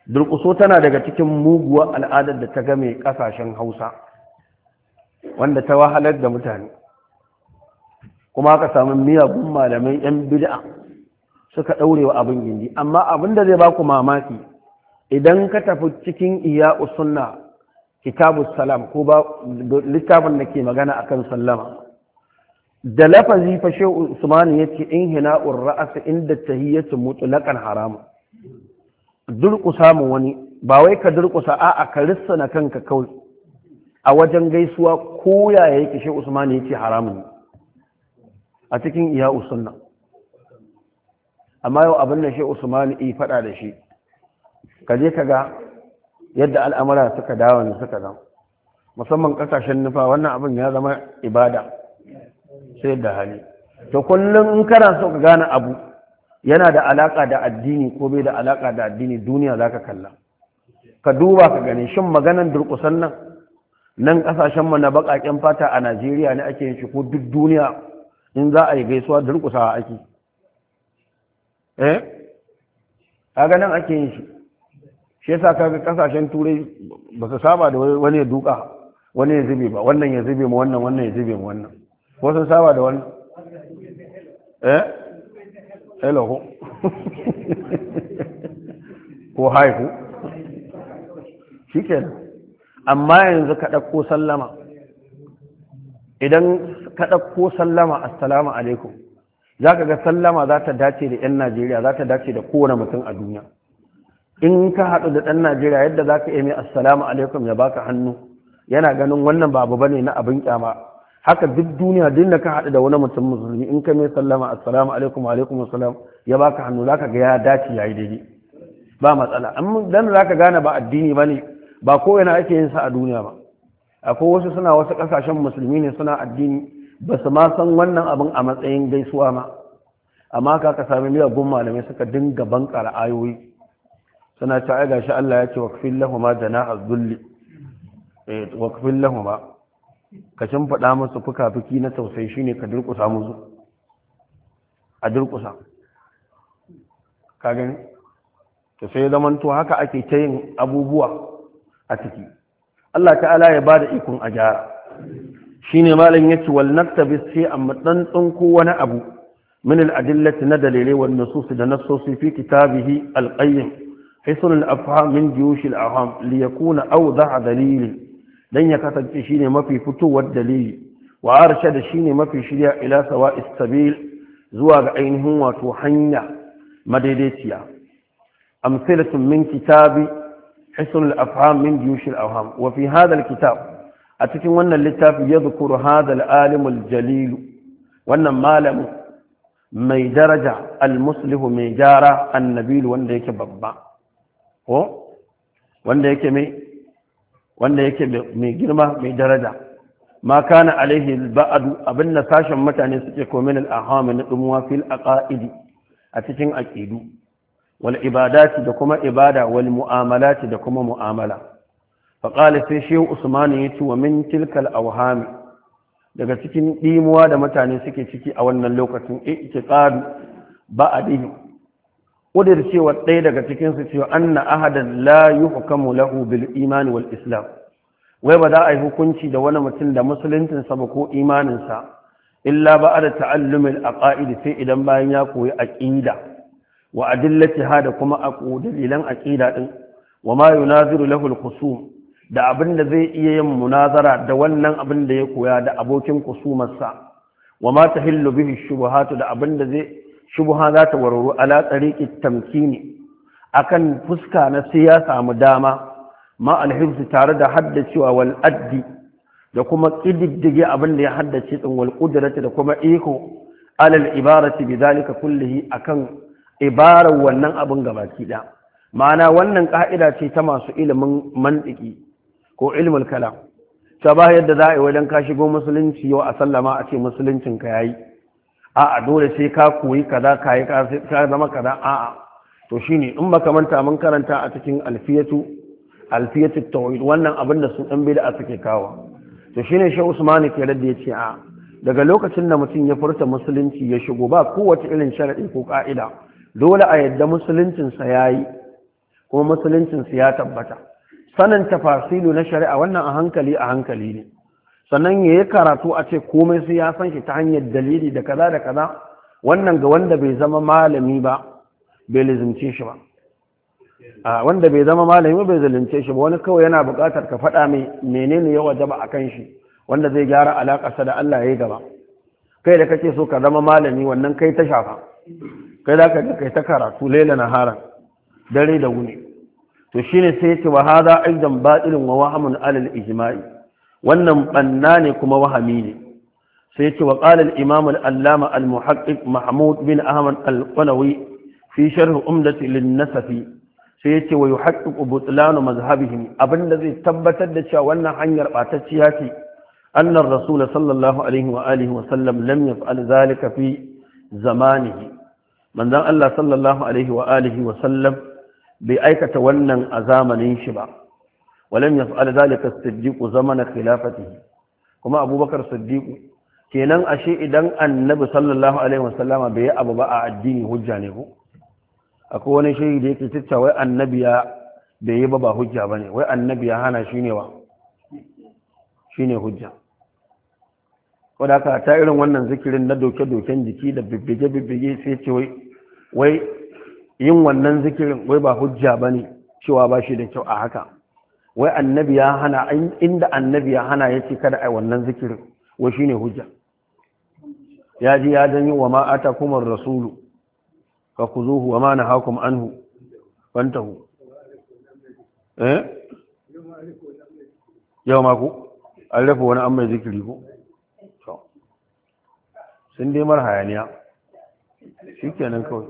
durƙuso tana daga cikin muguwa al'adar da ta game kasashen hausa wanda ta wahalar da mutane kuma aka samu miyagun malamai 'yan bid'a suka ɗaure wa abin gindi amma abin da zai ba ku mamaki idan ka tafi cikin iya sunna kitabu salam ko ba littafin da ke magana akan sallama da lafazi fa shehu usman yace in hina ra's inda tahiyatu mutlaqan haram durƙusa mu wani ba wai ka durƙusa a'a ka na kanka kawai a wajen gaisuwa ko yaya yake shehu usman yace haramun a cikin iya sunna amma yau abin da shehu usman i faɗa da shi ka je ka ga yadda al'amura suka dawo ne suka zama musamman kasashen nufa wannan abin ya zama ibada sai da hali to kullum in kana so ka gane abu yana da alaka da addini ko bai da alaka da addini duniya zaka kalla ka duba ka gani shin maganan durkusan nan nan kasashen mu na bakaken fata a Najeriya ne ake yin shi ko duk duniya in za a yi gaisuwa durkusawa ake eh kaga nan ake yin shi shi yasa kaga kasashen turai ba su saba da wani ya duka wani ya zube ba wannan ya zube ma wannan wannan ya zube ma wannan ko sun saba da wannan eh hello ko ko haiku shikenan amma yanzu ka ɗauko sallama idan ka ɗauko sallama assalamu alaikum za ka ga sallama za ta dace da 'yan najeriya za ta dace da kowane mutum a duniya in ka haɗu da ɗan najeriya yadda za ka iya mai assalamu alaikum ya baka hannu yana ganin wannan ba bane na abin kyama haka duk duniya duk da ka haɗu da wani mutum musulmi in ka mai sallama assalamu alaikum alaikum assalam ya baka hannu za ka ga ya dace ya yi daidai ba matsala amma dan za ka gane ba addini ba ne ba ko yana ake yin sa a duniya ba akwai wasu suna wasu ƙasashen musulmi ne suna addini ba su ma san wannan abin a matsayin gaisuwa ma amma ka ka sami miyagun malamai suka dinga bankara ayoyi suna ta aiga shi Allah ya ce waqfil lahumma jana'a dhulli eh waqfil lahumma ka shin fada musu fukafuki na tausayi shine ka durƙusa musu a durƙusa ka gani to sai zaman to haka ake ta yin abubuwa a ciki Allah ta'ala ya bada ikon a gyara shine malam yace wal naktabi sai amma dan tsinko wani abu min al adillati na dalilai wan nusus da nasosi fi kitabihi al qayyim hisun al-afham min juyush al-aham li yakuna awdah dalil dan ya kasance shine mafi fitowar dalili wa arshada shine mafi shirya ila sawa'is sabil zuwa ga ainihin wato hanya madaidaiciya amsalatun min kitabi hisun al-afham min juyush al-aham wa fi kitab a cikin wannan littafi yadhkuru hadha al-alim jalilu wannan malamin mai daraja al-muslihu mai jara annabi wanda yake babba ko wanda yake mai wanda yake mai girma mai daraja ma kana alaihi ba'adu da sashen mutane suke komin ahami na dumuwa fil aqaidi a cikin aqidu wal ibadati da kuma ibada wal mu'amalati da kuma mu'amala fa qala sai shehu usman yace wa min tilkal awhami daga cikin dimuwa da mutane suke ciki a wannan lokacin i'tiqad ba'adihi ƙudur cewa ɗaya daga cikinsu cewa an na ahadan la yi hukamu lahu bil imani wal islam wai ba za a yi hukunci da wani mutum da musuluncinsa ba ko imaninsa illa ba a da ta'allumin a ƙa'idi sai idan bayan ya koyi aƙida wa ha da kuma a dalilan aƙida ɗin wa ma yunaziru lahu al-khusum da abin da zai iya yin munazara da wannan abin da ya koya da abokin kusumarsa wa ma tahillu bihi shubuhatu da abin da zai shubha za ta warwaro ala tsariƙi tamkini akan fuska na sai ya samu dama ma alhifz tare da haddacewa wal'addi, da kuma ƙididdige abin da ya haddace din wal da kuma iko alal ibarati kulle kullihi akan ibarar wannan abin gabaki da ma'ana wannan ka'ida ce ta masu ilimin mantiki ko ilimin kalam ta ba yadda za a yi wajen ka shigo musulunci yau a sallama a ce musuluncinka yayi a'a dole sai ka koyi kaza ka yi ka zama kaza a'a to shine in baka manta mun karanta a cikin alfiyatu alfiyatu tawhid wannan abin da su dan bid'a suke kawo to shine shi Usmani ke radda yace a daga lokacin da mutum ya furta musulunci ya shigo ba kowace irin sharadi ko ka'ida dole a yadda musuluncin sa yayi kuma musuluncin sa ya tabbata sanin tafasilu na shari'a wannan a hankali a hankali ne sannan ya yi karatu a ce komai sai ya san shi ta hanyar dalili da kaza da kaza wannan ga wanda bai zama malami ba bai lizimce shi ba a wanda bai zama malami bai zalunce shi ba wani kawai yana buƙatar ka faɗa mai menene ya ba a kan shi wanda zai gyara alaƙarsa da Allah ya yi gaba kai da kake so ka zama malami wannan kai ta shafa kai za ka kai ta karatu laila na haran dare da wuni to shine sai ya ce wa hada aidan batilun wa wahamun alal ijma'i wannan banna ne kuma wahami ne sai ce wa qala al al-allama al-muhaqqiq mahmud bin ahmad al-qalawi fi sharh umdati lin-nasafi sai yace wa yuhaqqiqu butlan mazhabihim abinda zai tabbatar da cewa wannan hanyar batacciya ce annar rasul sallallahu alaihi wa alihi wa sallam lam yaf'al zalika fi zamanihi manzon Allah sallallahu alaihi wa alihi wa sallam bai aikata wannan a zamanin shi ba walam yaf'al zalika as-siddiq zamana khilafatihi kuma abubakar siddiq kenan ashe idan annabi sallallahu alaihi wasallama bai abu ba a addini hujja ne ko akwai wani shehi da yake tattawa wai annabi ya bai yi ba ba hujja bane wai annabi ya hana shi wa shine hujja wadda aka ta irin wannan zikirin na doke-doken jiki da bibbige-bibbige sai ce wai yin wannan zikirin wai ba hujja ba ne cewa ba shi da kyau a haka wai annabi ya hana inda annabi ya hana ya ce kada a wannan zikirin wai ne hujja ya ji ya janyo wa ma'ata kuma rasulu ku zuhu wa mana nahakum anhu fantahu eh yau ma ku an rafi wani an mai zikiri ko sun dai mara hayaniya shi kenan kawai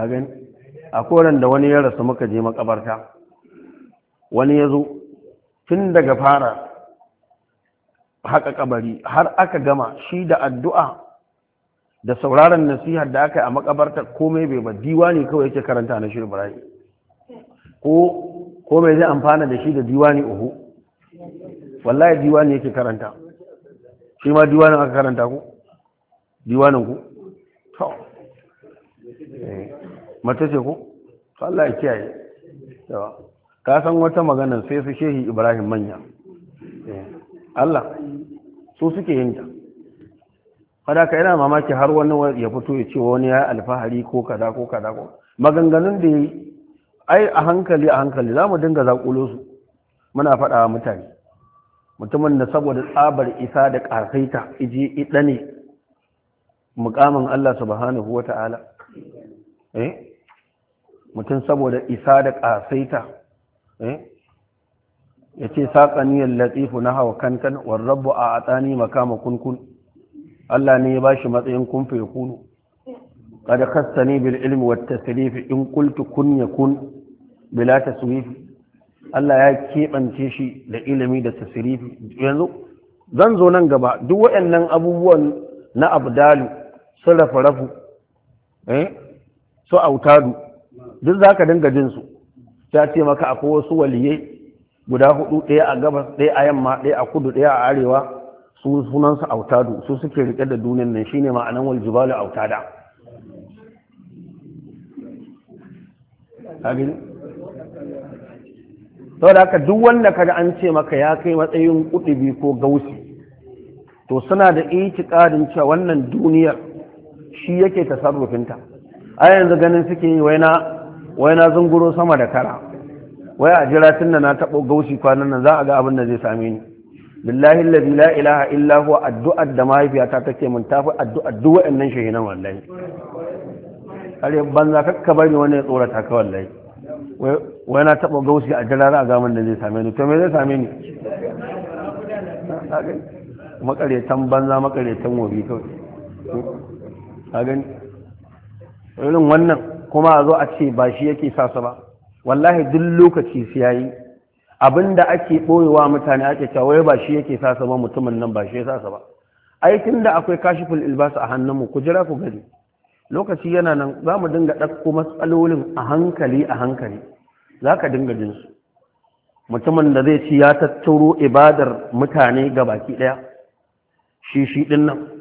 a gani a koren da wani ya rasu muka je makabarta wani ya zo tun daga fara haka kabari har aka gama shi da addu'a da sauraron nasihar da aka yi a makabarta komai bai ba diwani kawai yake karanta na shirin barayi ko komai zai amfana da shi da diwani uhu wallahi diwani yake karanta shi ma diwanin aka karanta ku diwanin ku mata ce ko Allah ya kiyaye yawa ka san wata magana sai su shehi Ibrahim manya eh. Allah su suke yin ta kada ka yana mamaki har wani ya fito ya ce wani ya alfahari ko kaza ko kaza ko maganganun da yi ai a hankali a hankali za mu dinga zakulo su muna faɗa wa mutane mutumin da saboda tsabar isa da ƙarfaita iji idane ne mukamin Allah subhanahu wata'ala eh mutum saboda isa da ƙasaita eh? ya ce saƙaniyar latifu na hawa kankan warrabu a atsani makama kunkun Allah ne ya ba shi matsayin kunfe kunu kada kasta ne bil ilmi wata tasirifi in kultu kun ya kun bila tasirifi Allah ya keɓance shi da ilimi da tasirifi yanzu zan zo nan gaba duk waɗannan abubuwan na abdalu sun rafu rafu eh su autadu duk za ka dinga jinsu ta ce maka akwai wasu waliye guda hudu ɗaya a gabas ɗaya a yamma ɗaya a kudu ɗaya a arewa su sunansu autadu su suke riƙe da duniyan nan shine ma'anan wal jibalu autada saboda haka duk wanda kada an ce maka ya kai matsayin kudubi ko gausi to suna da itikadin cewa wannan duniyar shi yake tasarrufinta a yanzu ganin suke yi wai na zunguro sama da kara wai a jira tun da na taɓo gaushi kwanan nan za a ga abin da zai same ni billahi allazi la ilaha illahu wa addu'ar da mahaifiyata take mun tafi addu'ar duk wa'annan shahinan wallahi kare banza kakka bari wani ya tsorata ka wallahi wai na taɓa gaushi a jira za a ga da zai same ni to me zai same ni makaretan banza makaretan wobi kawai irin wannan kuma a zo a ce ba shi yake sa su ba wallahi duk lokaci su yayi da ake boyewa mutane ake cewa ba shi yake sa su ba mutumin nan ba shi ya sa su ba aikin da akwai kashiful ilbas a hannunmu ku jira ku gani lokaci yana nan za mu dinga ɗauko matsalolin a hankali a hankali za ka dinga jin su mutumin da zai ci ya tattaro ibadar mutane ga baki ɗaya shi shi ɗin nan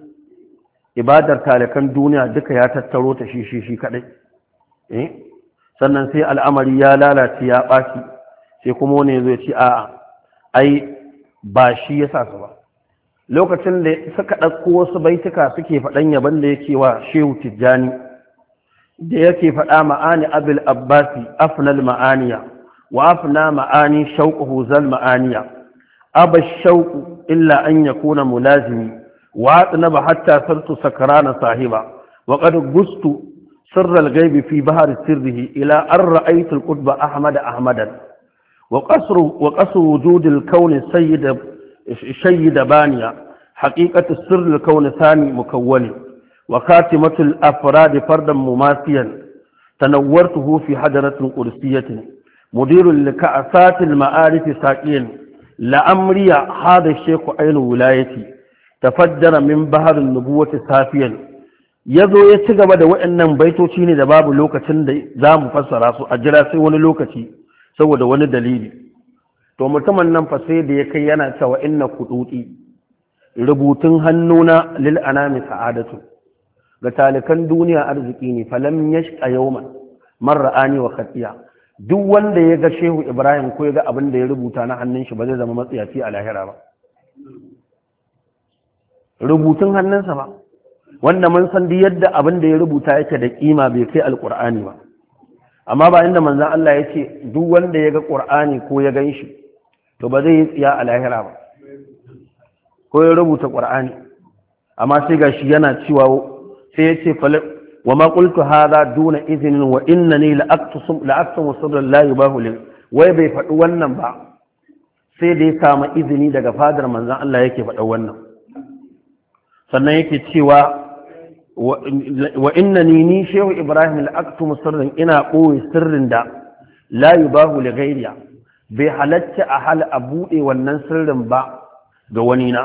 ibadar talakan duniya duka ya tattaro ta shi shi shi kadai eh? sannan sai al'amari ya lalace ya ɓaci sai kuma wani zai ce a'a, ai ba shi ya sa su ba lokacin da suka ɗauko wasu baituka suke faɗan yaban da yake wa shehu tijjani da yake faɗa ma'ani abil abbasi afnal ma'aniya wa afna ma'ani shauƙuhu zal ma'aniya aba shauƙu illa an yakuna mulazimi واتنب حتى صرت سكران صاحبا وقد غزت سر الغيب في بحر سره إلى أن رأيت القطب أحمد أحمدا وقصر, وقصر وجود الكون السيد شيد بانيا حقيقة السر الكون ثاني مكون وخاتمة الأفراد فردا مماثيا تنورته في حجرة قدسية مدير لكأسات المآرف ساكين لأمري هذا الشيخ عين ولايتي tafajjara min baharin nubuwati safiyan ya zo ya ci gaba da waɗannan baitoci ne da babu lokacin da za mu fassara su a jira sai wani lokaci saboda wani dalili to mutumin nan fa sai da ya kai yana cewa inna kuduti rubutun hannuna lil anami sa'adatu ga talikan duniya arziki ne lam yashqa yawman man wa khatiya duk wanda ya ga shehu ibrahim ko ya ga abin da ya rubuta na hannun shi ba zai zama matsiyaci a lahira ba rubutun hannunsa ba wanda mun san yadda abin da ya rubuta yake da kima bai kai alkur'ani ba amma ba inda manzan Allah ya ce duk wanda ya ga Ƙur'ani ko ya gan shi to ba zai yi tsiya a lahira ba ko ya rubuta Ƙur'ani. amma sai gashi yana cewa sai ya ce wa ma qultu hadha duna izinin wa innani la aktusum la aktumu la yubahu wai bai faɗi wannan ba sai da ya samu izini daga fadar manzon Allah yake faɗa wannan sannan yake cewa wa inna ni ni shehu ibrahim al mu sirrin ina ɓoye sirrin da la yubahu li ghayriya bai halatta a hal a buɗe wannan sirrin ba ga wani na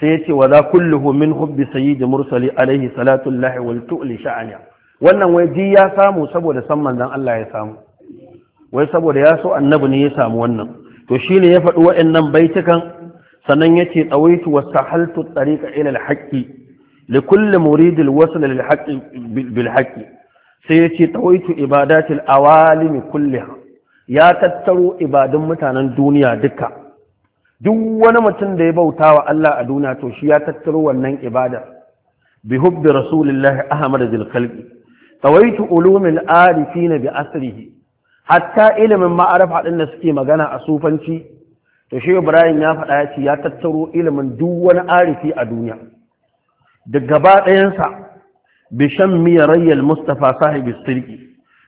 sai yace wa za kulluhu min hubbi sayyidi mursali alaihi salatu llahi wal tu'li sha'ani wannan wai ji ya samu saboda san manzon Allah ya samu wai saboda ya so annabi ne ya samu wannan to shine ya faɗi wa'annan baitukan sannan yace tsawaitu wasahaltu haltu ila alhaqi li kulli murid alwasl lilhaqi bilhaqi sai yace tsawaitu ibadati awalimi kulle. ya tattaro ibadun mutanen duniya duka duk wani mutum da ya bauta wa Allah a duniya to shi ya tattaro wannan ibada bi hubbi rasulillahi ahmad zil khalqi tawaitu ulumil arifina bi asrihi hatta ilimin ma'arif hadin da suke magana a sufanci to shi ibrahim ya faɗa ya ce ya tattaro ilimin duk wani arifi a duniya da gaba ɗayansa bishan miyarayyar mustapha sahibi sirki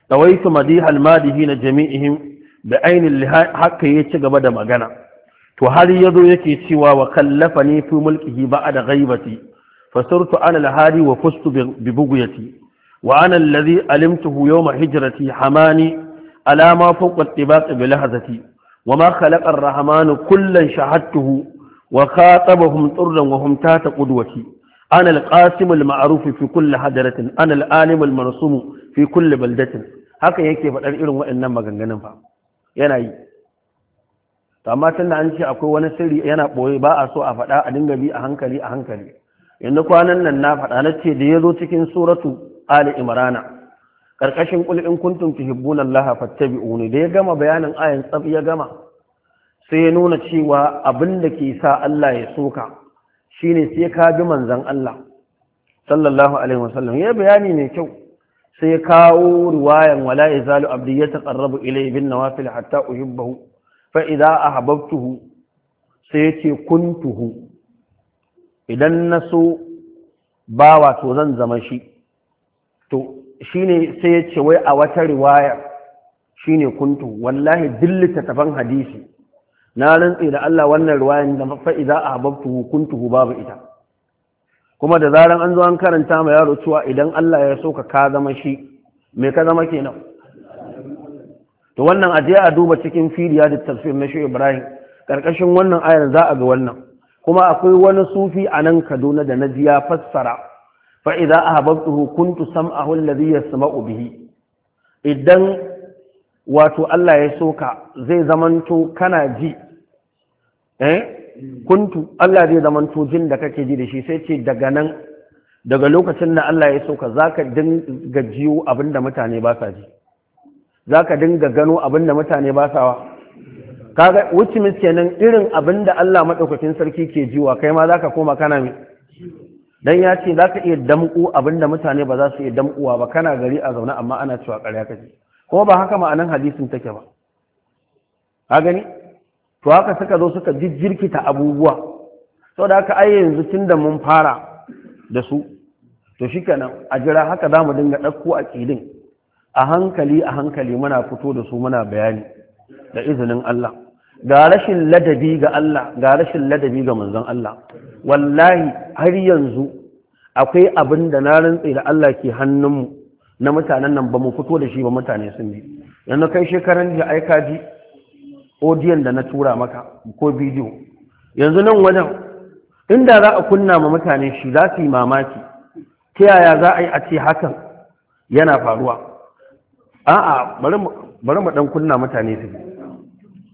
ɗawaitu madihal madihi na jami'ihim da ainihin haka ya ci gaba da magana to har ya zo yake cewa wa kallafa ne fi mulkihi ba da ghaibati fasirtu ana lahari wa fustu bi buguyati wa ana allazi alimtuhu yawma hijrati hamani alama fuqat tibaq bi lahazati wa ma khalaqar rahmanu kullan shahadtuhu wa khatabahum turran wa hum ta qudwati ana al-qasim al-ma'ruf fi kulli hadaratin ana al-alim al fi kulli baldatin haka yake faɗar irin waɗannan maganganun fa yana yi amma tunda an ce akwai wani sirri yana ɓoye ba a so a faɗa a dinga biyu a hankali a hankali yanzu kwanan nan na faɗa na ce da ya zo cikin suratu ali imrana karkashin qul in kuntum tuhibbuna allaha fattabi'uni da ya gama bayanin ayan tsab ya gama sai ya nuna cewa abin da ke sa Allah ya soka shine sai ka bi manzon Allah sallallahu alaihi wasallam ya bayani mai kyau sai ya kawo riwayan wala yazalu abdi yataqarrabu ilayhi bin nawafil hatta uhibbahu fa idza ahbabtuhu sai yace kuntuhu idan naso bawa to zan zama shi to shine sai ya ce wai a wata riwaya shine kuntu wallahi dillita tafan hadisi na rantsi da Allah wannan riwayan da fa idza ahbabtu kuntu babu ita kuma da zaran an zo an karanta ma yaro cewa idan Allah ya so ka zama shi me ka zama kenan to wannan je a duba cikin firiya da tafsir na Shehu Ibrahim karkashin wannan ayar za a ga wannan kuma akwai wani sufi a nan Kaduna da na ji fassara fa idza ahbabtuhu kuntu sam'ahu alladhi yasma'u bihi idan wato Allah ya soka zai zamanto kana ji eh kuntu Allah zai zamanto jin da kake ji da shi sai ce daga nan daga lokacin da Allah ya soka zaka dinga jiwo abinda mutane ba sa ji zaka dinga gano abinda mutane ba sa kaga wuce kenan irin abinda Allah madaukakin sarki ke jiwa kai ma zaka koma kana mai dan ya ce za ka iya damƙo abinda mutane ba za su iya damƙuwa ba kana gari a zaune amma ana cewa ƙarya kake kuma ba haka ma'anan hadisin take ba ka gani to haka suka zo suka jijjirkita abubuwa saboda haka ai yanzu tun da mun fara da su to shikenan a jira haka za mu dinga ɗauko aƙidin a hankali a hankali muna fito da su muna bayani da izinin Allah ga rashin ladabi ga Allah ga rashin ladabi ga manzon Allah wallahi har yanzu akwai abin da na rantsi da Allah ke hannunmu na mutanen nan ba mu fito da shi ba mutane sun bi yanzu kai shekaran da aika ji odiyon da na tura maka ko bidiyo yanzu nan wajen inda za a kunna ma mutane shi za su yi mamaki ta yaya za a yi a ce hakan yana faruwa a'a bari mu dan kunna mutane su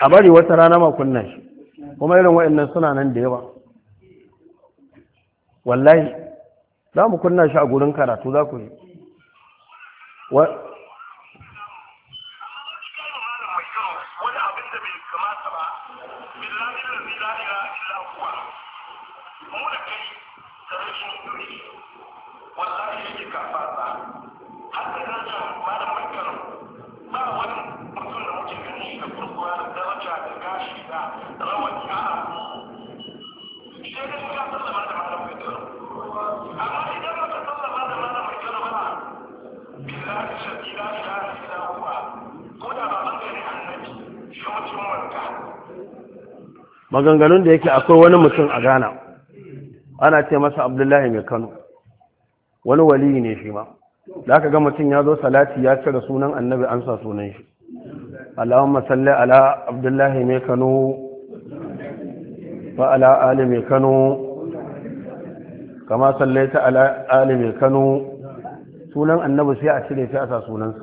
a bari wata rana ma kunna shi kuma irin wa'annan suna nan da yawa wallahi za mu kunna shi a gurin karatu za ku yi maganganun da yake akwai wani mutum a ghana ana ce masa abdullahi mai kano wani wali ne shi ma da aka ga mutum ya zo salati ya cire sunan annabi an sa sunan shi allahumma masalli ala abdullahi mai kano wa ala ali mai kano kama ta ala ali mai kano sunan annabi sai a cire sai a sa sunansa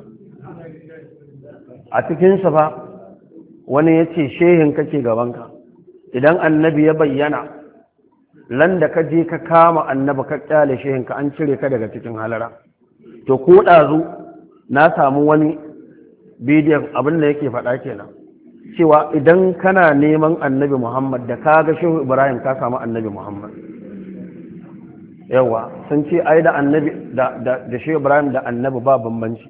a cikinsa ba wani ya ce shehin kake gabanka idan annabi ya bayyana lan da ka je ka kama annabi ka kyale ka an cire ka daga cikin halara to ko dazu na samu wani bidiyon abin da yake faɗa kenan cewa idan kana neman annabi muhammad da ka ga shehu ibrahim ka samu annabi muhammad yawa sun ce ai da annabi da shehu ibrahim da annabi ba bambanci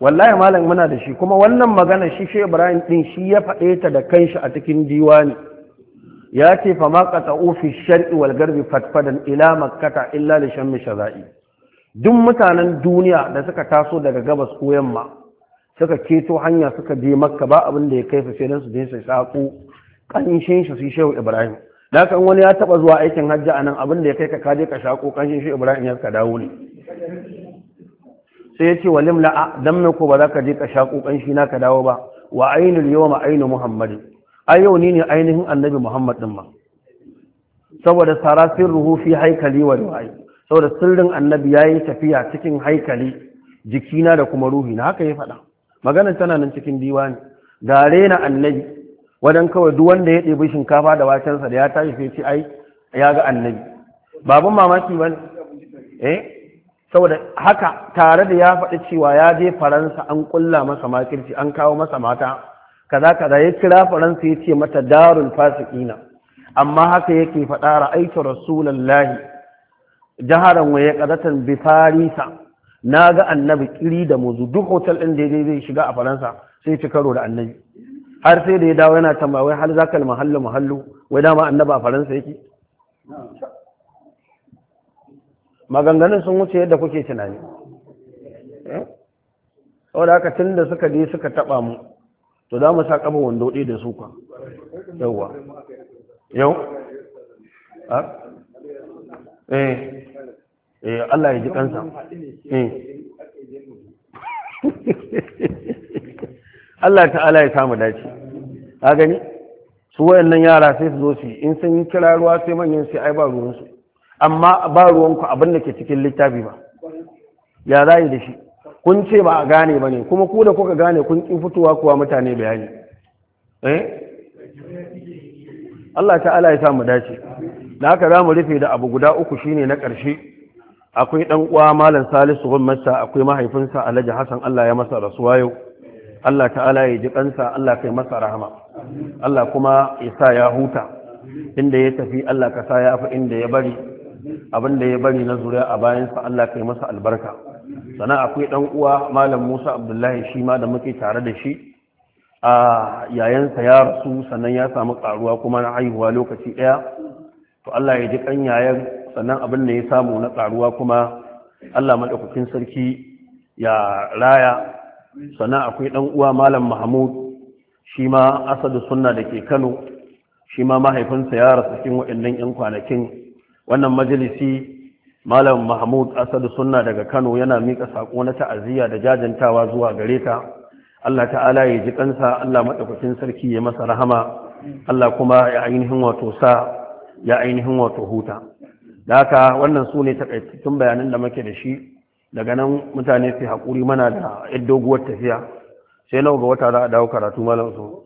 wallahi malam muna da shi kuma wannan magana shi shi ibrahim din shi ya faɗe ta da kanshi a cikin diwani ya ce fa ma qata'u fi shar'i wal garbi fatfadan ila makkata illa li shammi shaza'i duk mutanen duniya da suka taso daga gabas ko yamma suka keto hanya suka je makka ba abin da ya kai su sai dan su je su saƙo kanshin shi su shehu ibrahim da kan wani ya taba zuwa aikin hajji anan abin da ya kai ka kaje ka shako kanshin shi ibrahim ya ka dawo ne sai ya ce wa la'a don mai ko ba za ka je ka sha kokan shi na ka dawo ba wa yau ma ainihin Muhammadu? ai yau ni ne ainihin annabi muhammad din ma saboda sun ruhu fi haikali wa ruwa'i saboda sirrin annabi ya yi tafiya cikin haikali jikina da kuma ruhi na haka ya faɗa maganar tana nan cikin diwani ga na annabi wadan kawai duk wanda ya ɗebi shinkafa da wakensa da ya tashi sai ai ya ga annabi baban mamaki ba ne eh saboda haka tare da ya faɗi cewa ya je faransa an ƙulla masa makirci an kawo masa mata kaza kaza ya kira faransa ya ce mata darul fasikina amma haka yake faɗa ra'aitu rasulallahi jaharan waye kazatan bi farisa ga annabi kiri da muzu duk hotel ɗin da zai shiga a faransa sai ci karo da annabi har sai da ya dawo yana tambaya har zakal mahallu mahallu wai dama annabi a faransa yake maganganun sun wuce yadda kuke tunani da haka tun da suka je suka taba mu to za mu sa kafa wando ɗaya da su ka yauwa yau eh eh Allah ya ji kansa eh Allah ta'ala ya samu dace ka gani su wayannan yara sai su zo su in sun kira ruwa sai manyan sai ai ba ruwan su amma ba ruwanku abin da ke cikin littafi ba ya za da shi kun ce ba a gane ba ne kuma ku da kuka gane kun ƙin fitowa kuwa mutane bayani eh Allah ta'ala ya sa mu dace da haka za mu rufe da abu guda uku shine na ƙarshe akwai ɗan uwa malam salisu bin masa akwai mahaifinsa alhaji hassan Allah ya masa rasuwa yau Allah ta'ala ya ji kansa Allah kai masa rahama Allah kuma ya sa ya huta inda ya tafi Allah ka sa ya fi inda ya bari abin da ya bari na zuriya a bayansa Allah kai masa albarka sannan akwai dan uwa malam Musa Abdullahi shi ma da muke tare da shi a yayansa ya rasu sannan ya samu karuwa kuma na haihuwa lokaci daya to Allah ya ji kan yayan sannan abin da ya samu na karuwa kuma Allah madaukakin sarki ya raya sannan akwai dan uwa malam Mahmud shi ma asadu sunna da ke Kano shi ma mahaifinsa ya rasu cikin waɗannan 'yan kwanakin wannan majalisi malam mahmud asadu sunna daga kano yana miƙa saƙo na ta'aziyya da jajantawa zuwa gare ta allah ta'ala ya ji kansa allah maɗaukakin sarki ya masa rahama allah kuma ya ainihin wato sa ya ainihin wato huta da haka wannan su ne taƙaitattun bayanan da muke da shi daga nan mutane su haƙuri mana da yan doguwar tafiya sai nawa ga wata za a dawo karatu malam su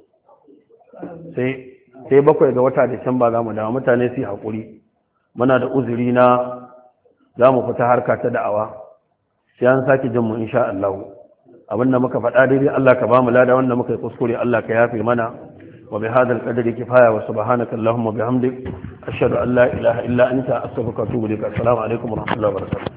sai bakwai ga wata da can ba za mu dawo mutane su haƙuri muna da uzuri na za mu fita harka ta da'awa sai an sake jin mu insha Allah abinda muka faɗa daidai Allah ka bamu lada wanda muka yi kuskure Allah ka yafe mana wa bi hadal qadri kifaya wa subhanaka allahumma bihamdik ashhadu an la ilaha illa anta astaghfiruka wa atubu ilaik assalamu alaikum wa rahmatullahi wa barakatuh